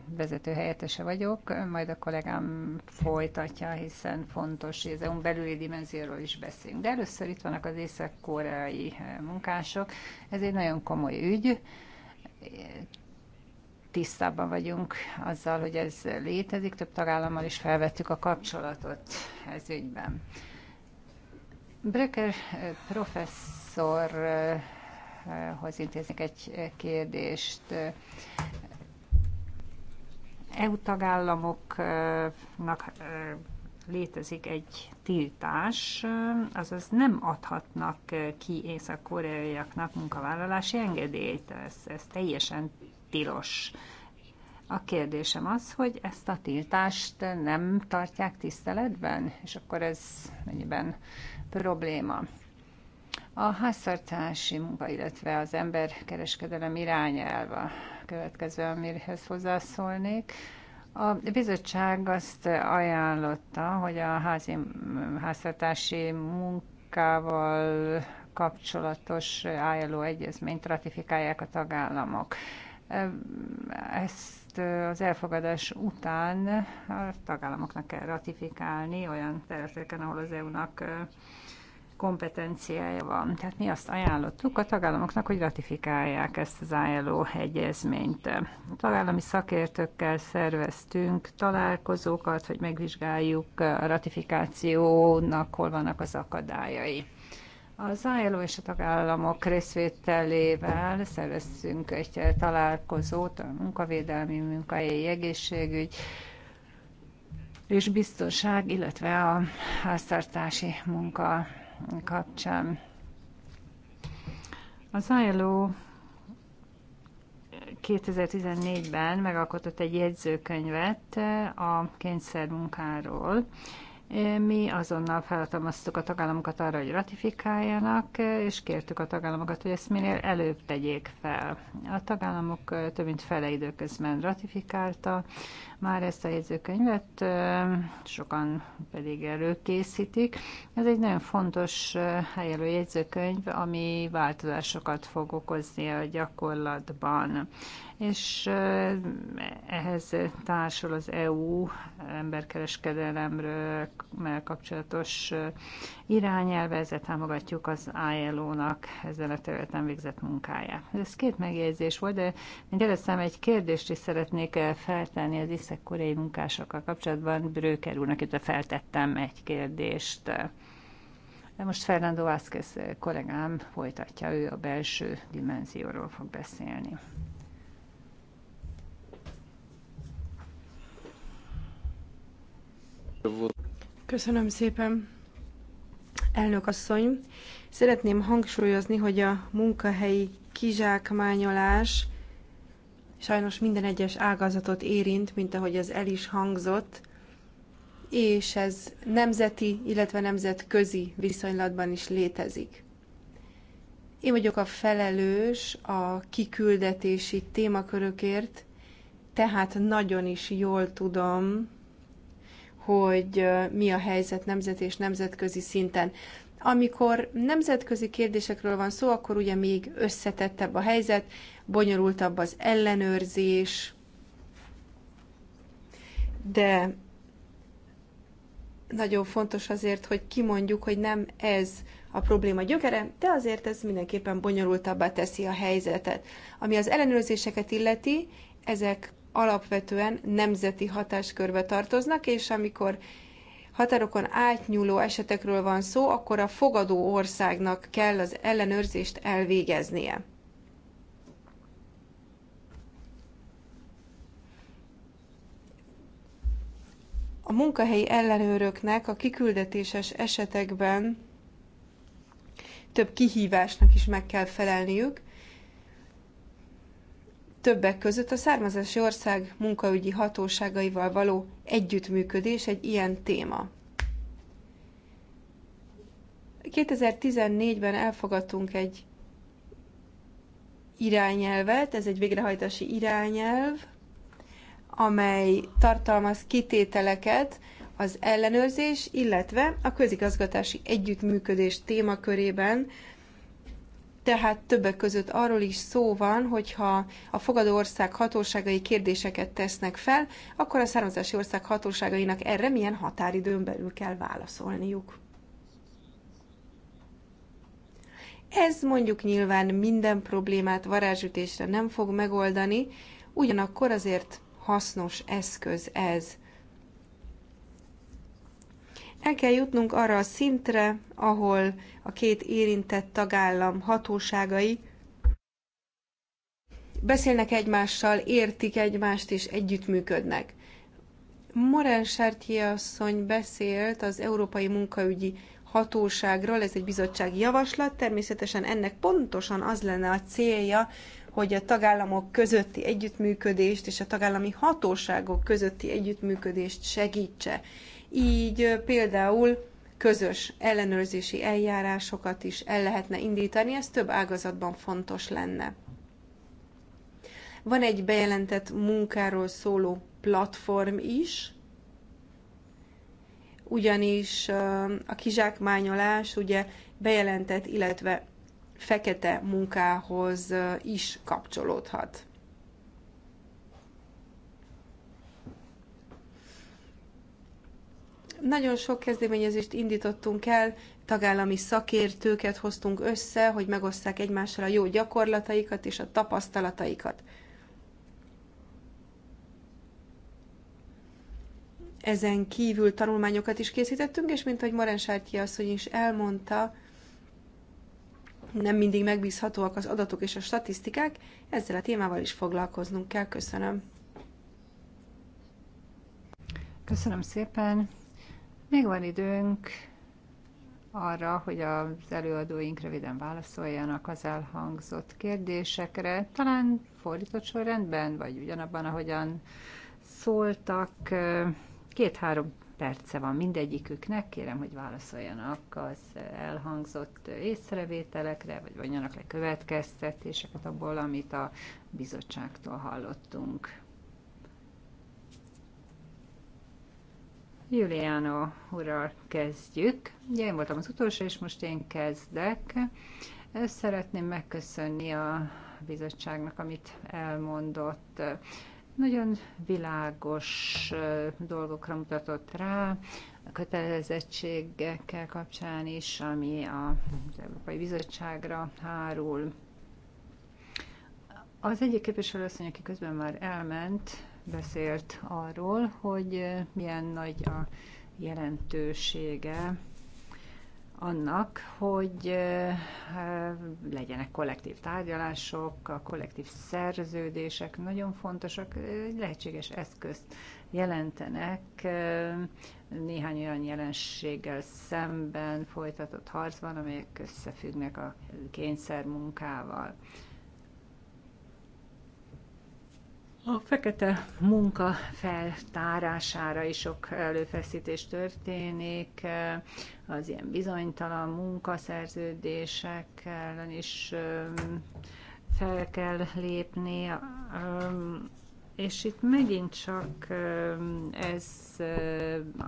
vezető helyettese vagyok, majd a kollégám folytatja, hiszen fontos, hogy ezen belüli dimenzióról is beszélünk. De először itt vannak az észak-koreai munkások. Ez egy nagyon komoly ügy tisztában vagyunk azzal, hogy ez létezik, több tagállammal is felvettük a kapcsolatot ez ügyben. Brecker professzor úrhoz intéznék egy kérdést. EU tagállamoknak e, létezik egy tiltás, azaz nem adhatnak ki észak-koreaiaknak munkavállalási engedélyt. Ez, ez teljesen tilos. A kérdésem az, hogy ezt a tiltást nem tartják tiszteletben, és akkor ez mennyiben probléma. A háztartási munka, illetve az emberkereskedelem irányelv a következő, amihez hozzászólnék. A bizottság azt ajánlotta, hogy a házi, háztartási munkával kapcsolatos álló egyezményt ratifikálják a tagállamok. Ezt az elfogadás után a tagállamoknak kell ratifikálni olyan területeken, ahol az EU-nak kompetenciája van. Tehát mi azt ajánlottuk a tagállamoknak, hogy ratifikálják ezt az ILO egyezményt. A tagállami szakértőkkel szerveztünk találkozókat, hogy megvizsgáljuk a ratifikációnak hol vannak az akadályai. Az ILO és a tagállamok részvételével szerveztünk egy találkozót, a munkavédelmi, munkahelyi egészségügy, és biztonság, illetve a háztartási munka kapcsán. Az ILO 2014-ben megalkotott egy jegyzőkönyvet a kényszermunkáról, mi azonnal felhatalmaztuk a tagállamokat arra, hogy ratifikáljanak, és kértük a tagállamokat, hogy ezt minél előbb tegyék fel. A tagállamok több mint fele időközben ratifikálta már ezt a jegyzőkönyvet, sokan pedig előkészítik. Ez egy nagyon fontos helyelő jegyzőkönyv, ami változásokat fog okozni a gyakorlatban és ehhez társul az EU emberkereskedelemről kapcsolatos irányelve, ezzel támogatjuk az ILO-nak ezzel a területen végzett munkáját. Ez két megjegyzés volt, de mindjeleztem egy kérdést is szeretnék feltenni az iszek-koreai munkásokkal kapcsolatban. Bröker úrnak itt feltettem egy kérdést. De most Fernando Vázquez kollégám folytatja, ő a belső dimenzióról fog beszélni. Köszönöm szépen, elnök asszony. Szeretném hangsúlyozni, hogy a munkahelyi kizsákmányolás sajnos minden egyes ágazatot érint, mint ahogy az el is hangzott, és ez nemzeti, illetve nemzetközi viszonylatban is létezik. Én vagyok a felelős a kiküldetési témakörökért, tehát nagyon is jól tudom, hogy mi a helyzet nemzet és nemzetközi szinten. Amikor nemzetközi kérdésekről van szó, akkor ugye még összetettebb a helyzet, bonyolultabb az ellenőrzés, de nagyon fontos azért, hogy kimondjuk, hogy nem ez a probléma gyökere, de azért ez mindenképpen bonyolultabbá teszi a helyzetet. Ami az ellenőrzéseket illeti, ezek alapvetően nemzeti hatáskörbe tartoznak, és amikor határokon átnyúló esetekről van szó, akkor a fogadó országnak kell az ellenőrzést elvégeznie. A munkahelyi ellenőröknek a kiküldetéses esetekben több kihívásnak is meg kell felelniük, Többek között a származási ország munkaügyi hatóságaival való együttműködés egy ilyen téma. 2014-ben elfogadtunk egy irányelvet, ez egy végrehajtási irányelv, amely tartalmaz kitételeket az ellenőrzés, illetve a közigazgatási együttműködés témakörében tehát többek között arról is szó van, hogyha a fogadó ország hatóságai kérdéseket tesznek fel, akkor a származási ország hatóságainak erre milyen határidőn belül kell válaszolniuk. Ez mondjuk nyilván minden problémát varázsütésre nem fog megoldani, ugyanakkor azért hasznos eszköz ez. El kell jutnunk arra a szintre, ahol a két érintett tagállam hatóságai beszélnek egymással, értik egymást és együttműködnek. Morán Sártyi asszony beszélt az Európai Munkaügyi Hatóságról, ez egy bizottsági javaslat, természetesen ennek pontosan az lenne a célja, hogy a tagállamok közötti együttműködést és a tagállami hatóságok közötti együttműködést segítse. Így például közös ellenőrzési eljárásokat is el lehetne indítani, ez több ágazatban fontos lenne. Van egy bejelentett munkáról szóló platform is, ugyanis a kizsákmányolás ugye bejelentett, illetve fekete munkához is kapcsolódhat. Nagyon sok kezdeményezést indítottunk el, tagállami szakértőket hoztunk össze, hogy megosszák egymással a jó gyakorlataikat és a tapasztalataikat. Ezen kívül tanulmányokat is készítettünk, és mint ahogy Morán Sárti asszony is elmondta, nem mindig megbízhatóak az adatok és a statisztikák, ezzel a témával is foglalkoznunk kell. Köszönöm. Köszönöm szépen. Még van időnk arra, hogy az előadóink röviden válaszoljanak az elhangzott kérdésekre, talán fordított sorrendben, vagy ugyanabban, ahogyan szóltak. Két-három perce van mindegyiküknek, kérem, hogy válaszoljanak az elhangzott észrevételekre, vagy vonjanak le következtetéseket abból, amit a bizottságtól hallottunk. Juliano ural kezdjük. Ugye én voltam az utolsó, és most én kezdek. Szeretném megköszönni a bizottságnak, amit elmondott. Nagyon világos dolgokra mutatott rá, a kötelezettségekkel kapcsán is, ami az Európai Bizottságra hárul. Az egyik képviselő asszony, aki közben már elment, beszélt arról, hogy milyen nagy a jelentősége annak, hogy legyenek kollektív tárgyalások, a kollektív szerződések nagyon fontosak, egy lehetséges eszközt jelentenek néhány olyan jelenséggel szemben folytatott harcban, amelyek összefüggnek a kényszermunkával. munkával. A fekete munka feltárására is sok előfeszítés történik, az ilyen bizonytalan munkaszerződésekkel is fel kell lépni, és itt megint csak ez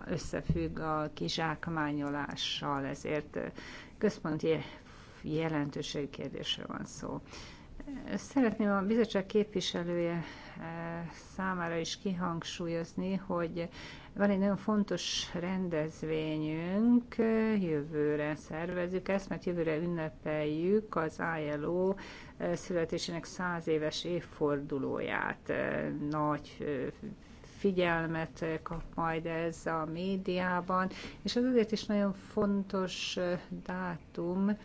összefügg a kizsákmányolással, ezért központi jelentőségi kérdésről van szó. Szeretném a bizottság képviselője számára is kihangsúlyozni, hogy van egy nagyon fontos rendezvényünk, jövőre szervezzük ezt, mert jövőre ünnepeljük az ILO eh, születésének száz éves évfordulóját. Eh, nagy eh, figyelmet kap majd ez a médiában, és ez azért is nagyon fontos dátum,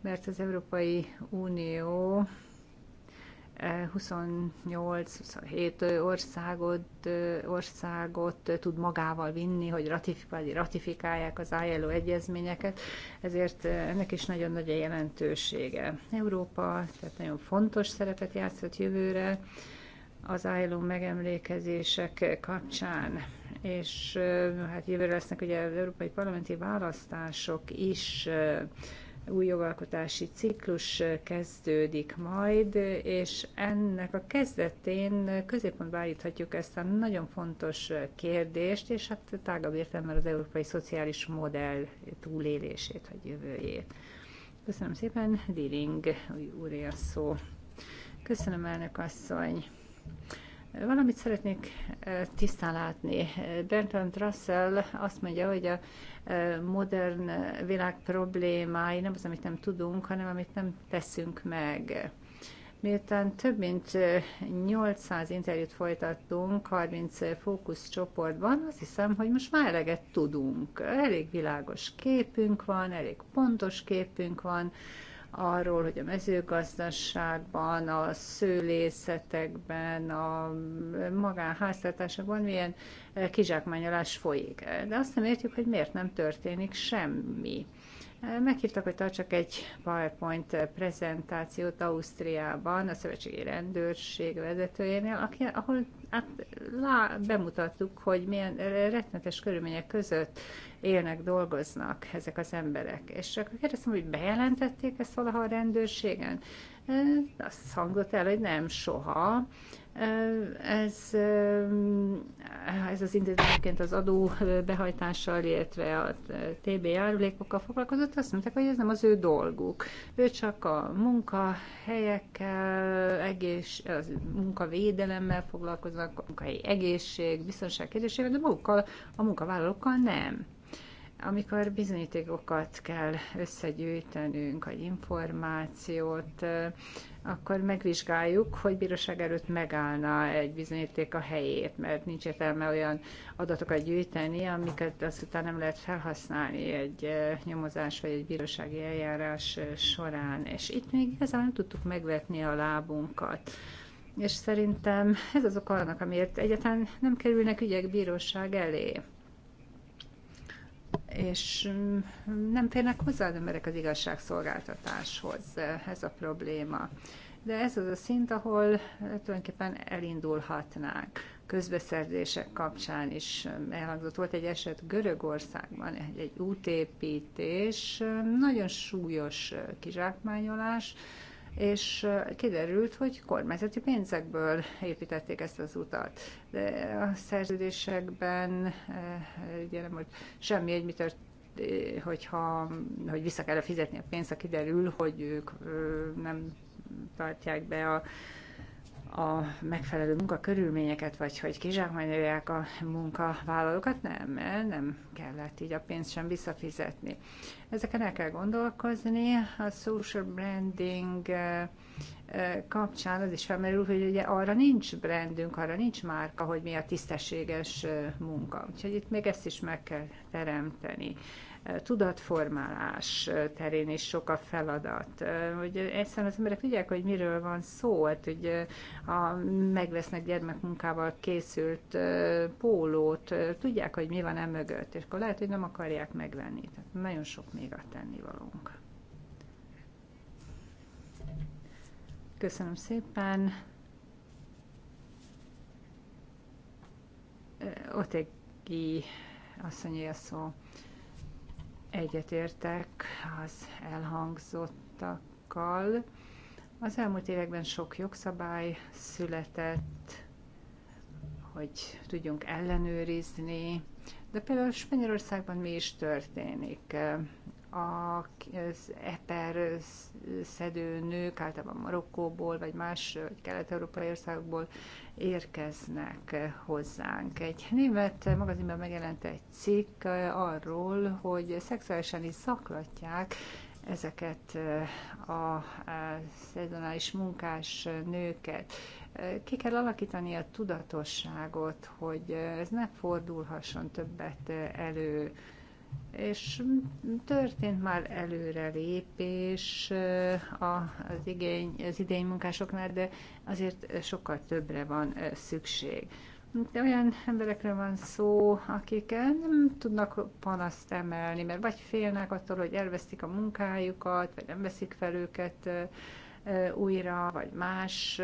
mert az Európai Unió 28-27 országot, országot tud magával vinni, hogy ratifikálják az ILO egyezményeket, ezért ennek is nagyon nagy a jelentősége. Európa tehát nagyon fontos szerepet játszott jövőre az ILO megemlékezések kapcsán, és hát jövőre lesznek ugye az európai parlamenti választások is, új jogalkotási ciklus kezdődik majd, és ennek a kezdetén középpontba állíthatjuk ezt a nagyon fontos kérdést, és hát tágabb értelemben az európai szociális modell túlélését vagy jövőjét. Köszönöm szépen, Diring úré a szó. Köszönöm, elnök asszony. Valamit szeretnék eh, tisztán látni. Bertrand Russell azt mondja, hogy a modern eh, világ problémái nem az, amit nem tudunk, hanem amit nem teszünk meg. Miután több mint 800 eh, interjút folytattunk 30 eh, fókuszcsoportban, azt hiszem, hogy most már eleget tudunk. Elég világos képünk van, elég pontos képünk van arról, hogy a mezőgazdaságban, a szőlészetekben, a magánháztartásokban milyen kizsákmányolás folyik. De azt nem értjük, hogy miért nem történik semmi. Meghívtak, hogy tartsak egy PowerPoint prezentációt Ausztriában, a Szövetségi Rendőrség vezetőjénél, aki, ahol hát, lá, bemutattuk, hogy milyen rettenetes körülmények között élnek, dolgoznak ezek az emberek. És akkor kérdeztem, hogy bejelentették ezt valaha a rendőrségen? Azt hangzott el, hogy nem soha. Ez, eh, ez az intézmény egyébként az adó behajtással, illetve a TB járulékokkal foglalkozott, azt mondták, hogy ez nem az ő dolguk. Ő csak a munkahelyekkel, egész, az munkavédelemmel foglalkoznak, a munkahelyi egészség, biztonság kérdésével, de magukkal, a munkavállalókkal nem amikor bizonyítékokat kell összegyűjtenünk, vagy információt, eh, akkor megvizsgáljuk, hogy bíróság előtt megállna egy bizonyíték a helyét, mert nincs értelme olyan adatokat gyűjteni, amiket aztán nem lehet felhasználni egy nyomozás vagy egy bírósági eljárás során. És itt még igazán nem tudtuk megvetni a lábunkat. És szerintem ez az ok annak, amiért egyáltalán nem kerülnek ügyek bíróság elé és mm, nem férnek hozzá az emberek az igazságszolgáltatáshoz. Eh, ez a probléma. De ez az a szint, ahol eh, tulajdonképpen elindulhatnánk. Közbeszerzések kapcsán is eh, elhangzott. Volt egy eset Görögországban, egy útépítés, nagyon súlyos kizsákmányolás, és kiderült, hogy kormányzati pénzekből építették ezt az utat. De a szerződésekben ugye nem volt semmi egy, mi tört, hogyha, hogy vissza kell fizetni a pénzt, ha kiderül, hogy ők nem tartják be a a megfelelő munkakörülményeket, vagy hogy kizsákmányolják a munkavállalókat, nem, nem kellett így a pénzt sem visszafizetni. Ezeken el kell gondolkozni, a social branding eh, eh, kapcsán az is felmerül, hogy ugye arra nincs brandünk, arra nincs márka, hogy mi a tisztességes eh, munka. Úgyhogy itt még ezt is meg kell teremteni tudatformálás terén is sok a feladat. Hogy egyszerűen az emberek tudják, hogy miről van szó, hát, hogy eh, a, megvesznek gyermekmunkával készült eh, pólót, eh, tudják, hogy mi van emögött, és akkor lehet, hogy nem akarják megvenni. Tehát nagyon sok még a tennivalónk. Köszönöm szépen. Otegi asszonyé a szó. Egyetértek az elhangzottakkal. Az elmúlt években sok jogszabály született, hogy tudjunk ellenőrizni, de például Spanyolországban mi is történik? az eper szedő nők általában Marokkóból, vagy más kelet-európai országokból érkeznek hozzánk. Egy német magazinban megjelent egy cikk arról, hogy szexuálisan is szaklatják ezeket a szezonális munkás nőket. Ki kell alakítani a tudatosságot, hogy ez ne fordulhasson többet elő és történt már előrelépés az, igény, az idény munkásoknál, de azért sokkal többre van szükség. De olyan emberekről van szó, akik nem tudnak panaszt emelni, mert vagy félnek attól, hogy elvesztik a munkájukat, vagy nem veszik fel őket újra, vagy más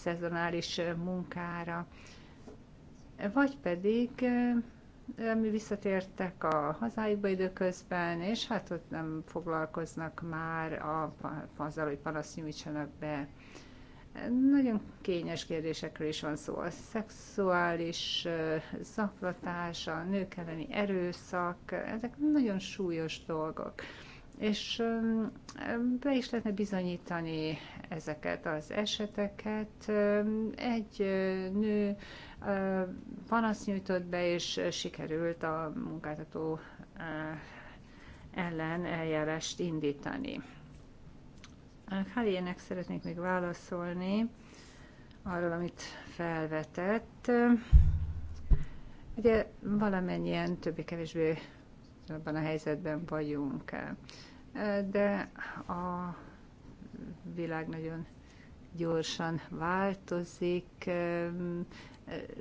szezonális munkára, vagy pedig mi visszatértek a hazájukba időközben, és hát ott nem foglalkoznak már a, azzal, hogy panaszt nyújtsanak be. Nagyon kényes kérdésekről is van szó. A szexuális zaklatás, a nők elleni erőszak, ezek nagyon súlyos dolgok. És be is lehetne bizonyítani ezeket az eseteket. Egy nő panaszt nyújtott be, és sikerült a munkáltató ellen eljárást indítani. Halének szeretnék még válaszolni arról, amit felvetett. Ugye valamennyien többé-kevésbé abban a helyzetben vagyunk, de a világ nagyon gyorsan változik,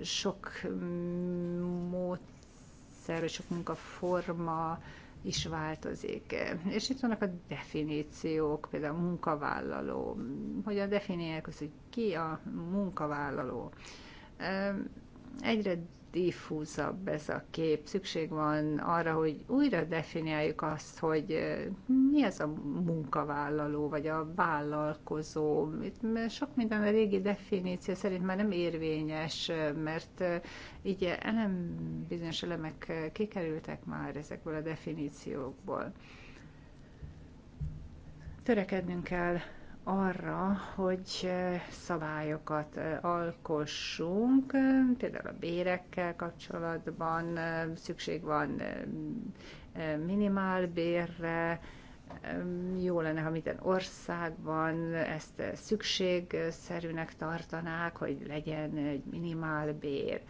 sok mm, módszer, vagy sok munkaforma is változik. És itt vannak a definíciók, például a munkavállaló. Hogyan definiálják azt, hogy ki a munkavállaló? Egyre diffúzabb ez a kép. Szükség van arra, hogy újra definiáljuk azt, hogy mi az a munkavállaló, vagy a vállalkozó. Itt sok minden a régi definíció szerint már nem érvényes, mert így elem, bizonyos elemek kikerültek már ezekből a definíciókból. Törekednünk kell arra, hogy szabályokat alkossunk, például a bérekkel kapcsolatban szükség van bérre, jó lenne, ha minden országban ezt szükségszerűnek tartanák, hogy legyen egy bér.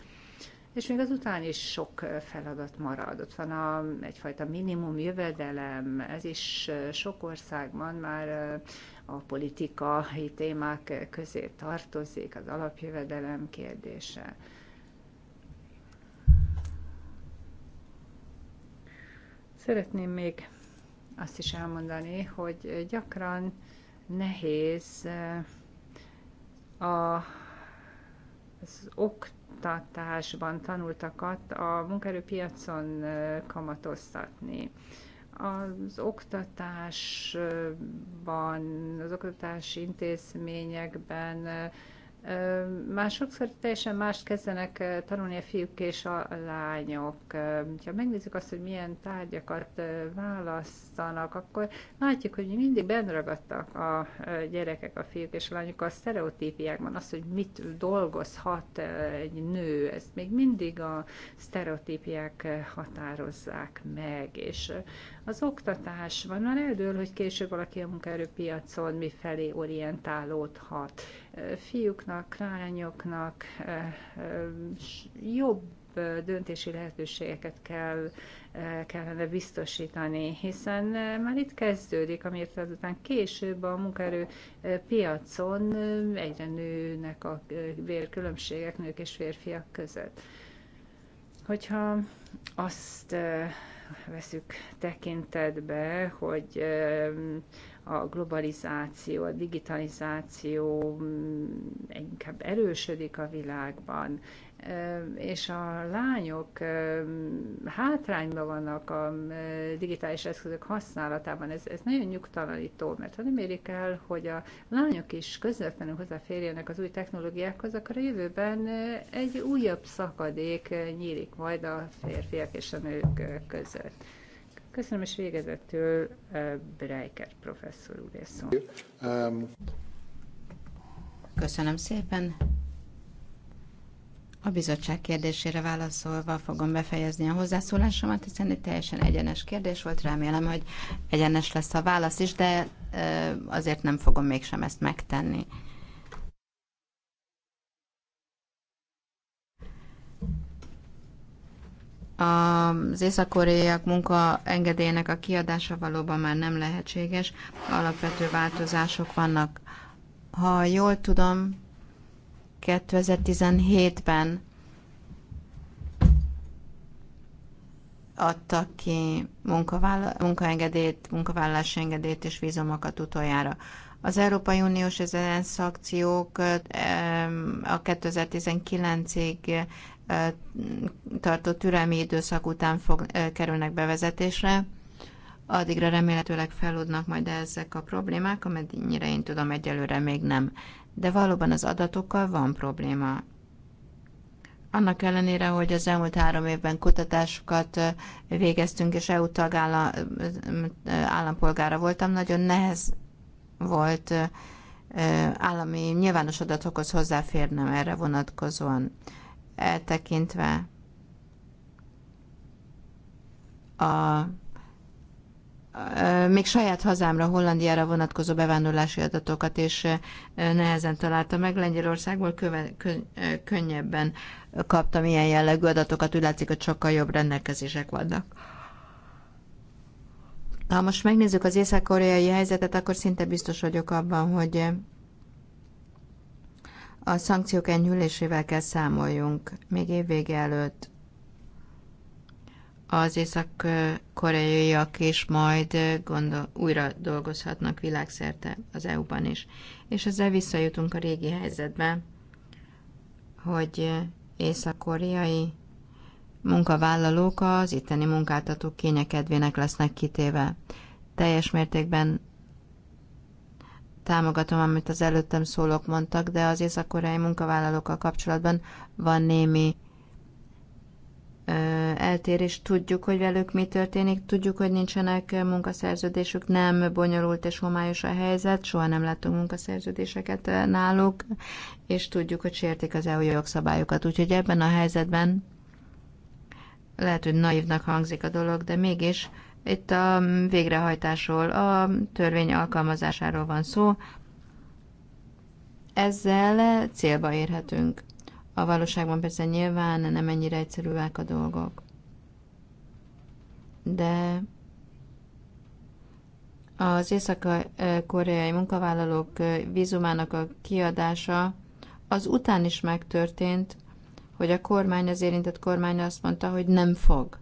És még azután is sok feladat marad. Ott van a, egyfajta minimum jövedelem, ez is sok országban már a politikai témák közé tartozik, az alapjövedelem kérdése. Szeretném még azt is elmondani, hogy gyakran nehéz eh, a, az oktatásban tanultakat a munkerőpiacon eh, kamatoztatni az oktatásban, az oktatási intézményekben már sokszor teljesen mást kezdenek tanulni a fiúk és a lányok. Ha megnézzük azt, hogy milyen tárgyakat választanak, akkor látjuk, hogy mindig benragadtak a gyerekek, a fiúk és a lányok a sztereotípiákban, az, hogy mit dolgozhat egy nő, ezt még mindig a sztereotípiák határozzák meg, és az van, már eldől, hogy később valaki a munkaerőpiacon mifelé orientálódhat. Fiúknak, lányoknak jobb döntési lehetőségeket kell, kellene biztosítani, hiszen már itt kezdődik, amiért azután később a munkaerő piacon egyre nőnek a vérkülönbségek nők és férfiak között. Hogyha azt veszük tekintetbe, hogy a globalizáció, a digitalizáció inkább erősödik a világban, és a lányok hátrányban vannak a digitális eszközök használatában. Ez, ez nagyon nyugtalanító, mert ha nem érik el, hogy a lányok is közvetlenül hozzáférjenek az új technológiákhoz, akkor a jövőben egy újabb szakadék nyílik majd a férfiak és a nők között. Köszönöm, és végezetül Breiker professzor úr um, Köszönöm szépen. A bizottság kérdésére válaszolva fogom befejezni a hozzászólásomat, hiszen egy teljesen egyenes kérdés volt, remélem, hogy egyenes lesz a válasz is, de azért nem fogom mégsem ezt megtenni. Az észak-koreaiak munkaengedélyének a kiadása valóban már nem lehetséges, alapvető változások vannak. Ha jól tudom, 2017-ben adtak ki munkaengedélyt, munkavállalási engedélyt és vízumokat utoljára. Az Európai Uniós ezen szakciók a 2019-ig tartó türelmi időszak után fog, kerülnek bevezetésre. Addigra remélhetőleg feloldnak majd ezek a problémák, amennyire én tudom, egyelőre még nem de valóban az adatokkal van probléma. Annak ellenére, hogy az elmúlt három évben kutatásokat végeztünk, és EU állampolgára voltam, nagyon nehez volt állami nyilvános adatokhoz hozzáférnem erre vonatkozóan. Eltekintve a még saját hazámra, Hollandiára vonatkozó bevándorlási adatokat és nehezen találta meg. Lengyelországból köve, könnyebben kaptam ilyen jellegű adatokat, úgy látszik, hogy sokkal jobb rendelkezések vannak. Ha most megnézzük az észak-koreai helyzetet, akkor szinte biztos vagyok abban, hogy a szankciók enyhülésével kell számoljunk még évvége előtt az észak-koreaiak is majd eh, gondol, újra dolgozhatnak világszerte az EU-ban is. És ezzel visszajutunk a régi helyzetbe, hogy eh, észak-koreai munkavállalók az itteni munkáltatók kényekedvének lesznek kitéve. Teljes mértékben támogatom, amit az előttem szólók mondtak, de az észak-koreai munkavállalókkal kapcsolatban van némi eltérés, tudjuk, hogy velük mi történik, tudjuk, hogy nincsenek munkaszerződésük, nem bonyolult és homályos a helyzet, soha nem láttunk munkaszerződéseket náluk, és tudjuk, hogy sértik az EU jogszabályokat. Úgyhogy ebben a helyzetben lehet, hogy naívnak hangzik a dolog, de mégis itt a végrehajtásról, a törvény alkalmazásáról van szó. Ezzel célba érhetünk. A valóságban persze nyilván nem ennyire egyszerűek a dolgok. De az észak-koreai munkavállalók vízumának a kiadása az után is megtörtént, hogy a kormány, az érintett kormány azt mondta, hogy nem fog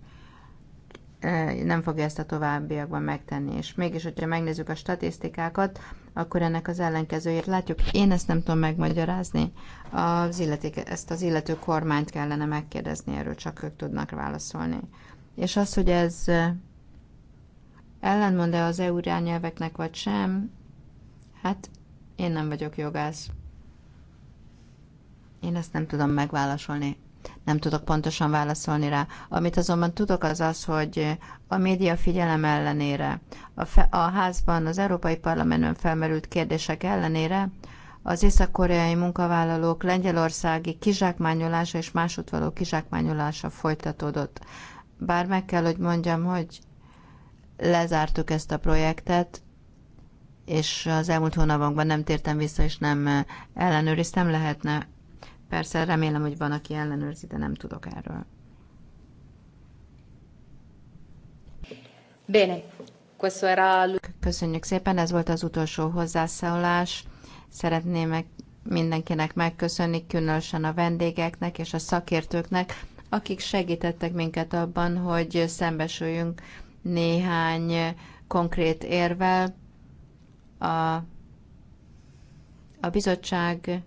eh, nem fogja ezt a továbbiakban megtenni. És mégis, hogyha megnézzük a statisztikákat, akkor ennek az ellenkezőjét látjuk. Én ezt nem tudom megmagyarázni. Az illetik, ezt az illető kormányt kellene megkérdezni, erről csak ők tudnak válaszolni. És az, hogy ez ellenmond e az EU irányelveknek vagy sem, hát én nem vagyok jogász. Én ezt nem tudom megválaszolni nem tudok pontosan válaszolni rá. Amit azonban tudok az az, hogy a média figyelem ellenére, a, fe, a házban, az Európai Parlamentben felmerült kérdések ellenére, az észak-koreai munkavállalók lengyelországi kizsákmányolása és másút kizsákmányolása folytatódott. Bár meg kell, hogy mondjam, hogy lezártuk ezt a projektet, és az elmúlt hónapokban nem tértem vissza, és nem eh, ellenőriztem, lehetne Persze remélem, hogy van, aki ellenőrzi, de nem tudok erről. Bene. Köszönjük szépen, ez volt az utolsó hozzászólás. Szeretném meg mindenkinek megköszönni, különösen a vendégeknek és a szakértőknek, akik segítettek minket abban, hogy szembesüljünk néhány konkrét érvel. A, a bizottság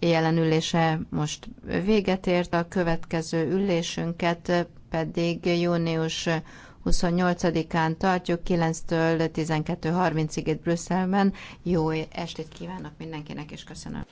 jelen ülése most véget ért, a következő ülésünket pedig június 28-án tartjuk 9-től 12.30-ig itt Brüsszelben. Jó estét kívánok mindenkinek, és köszönöm.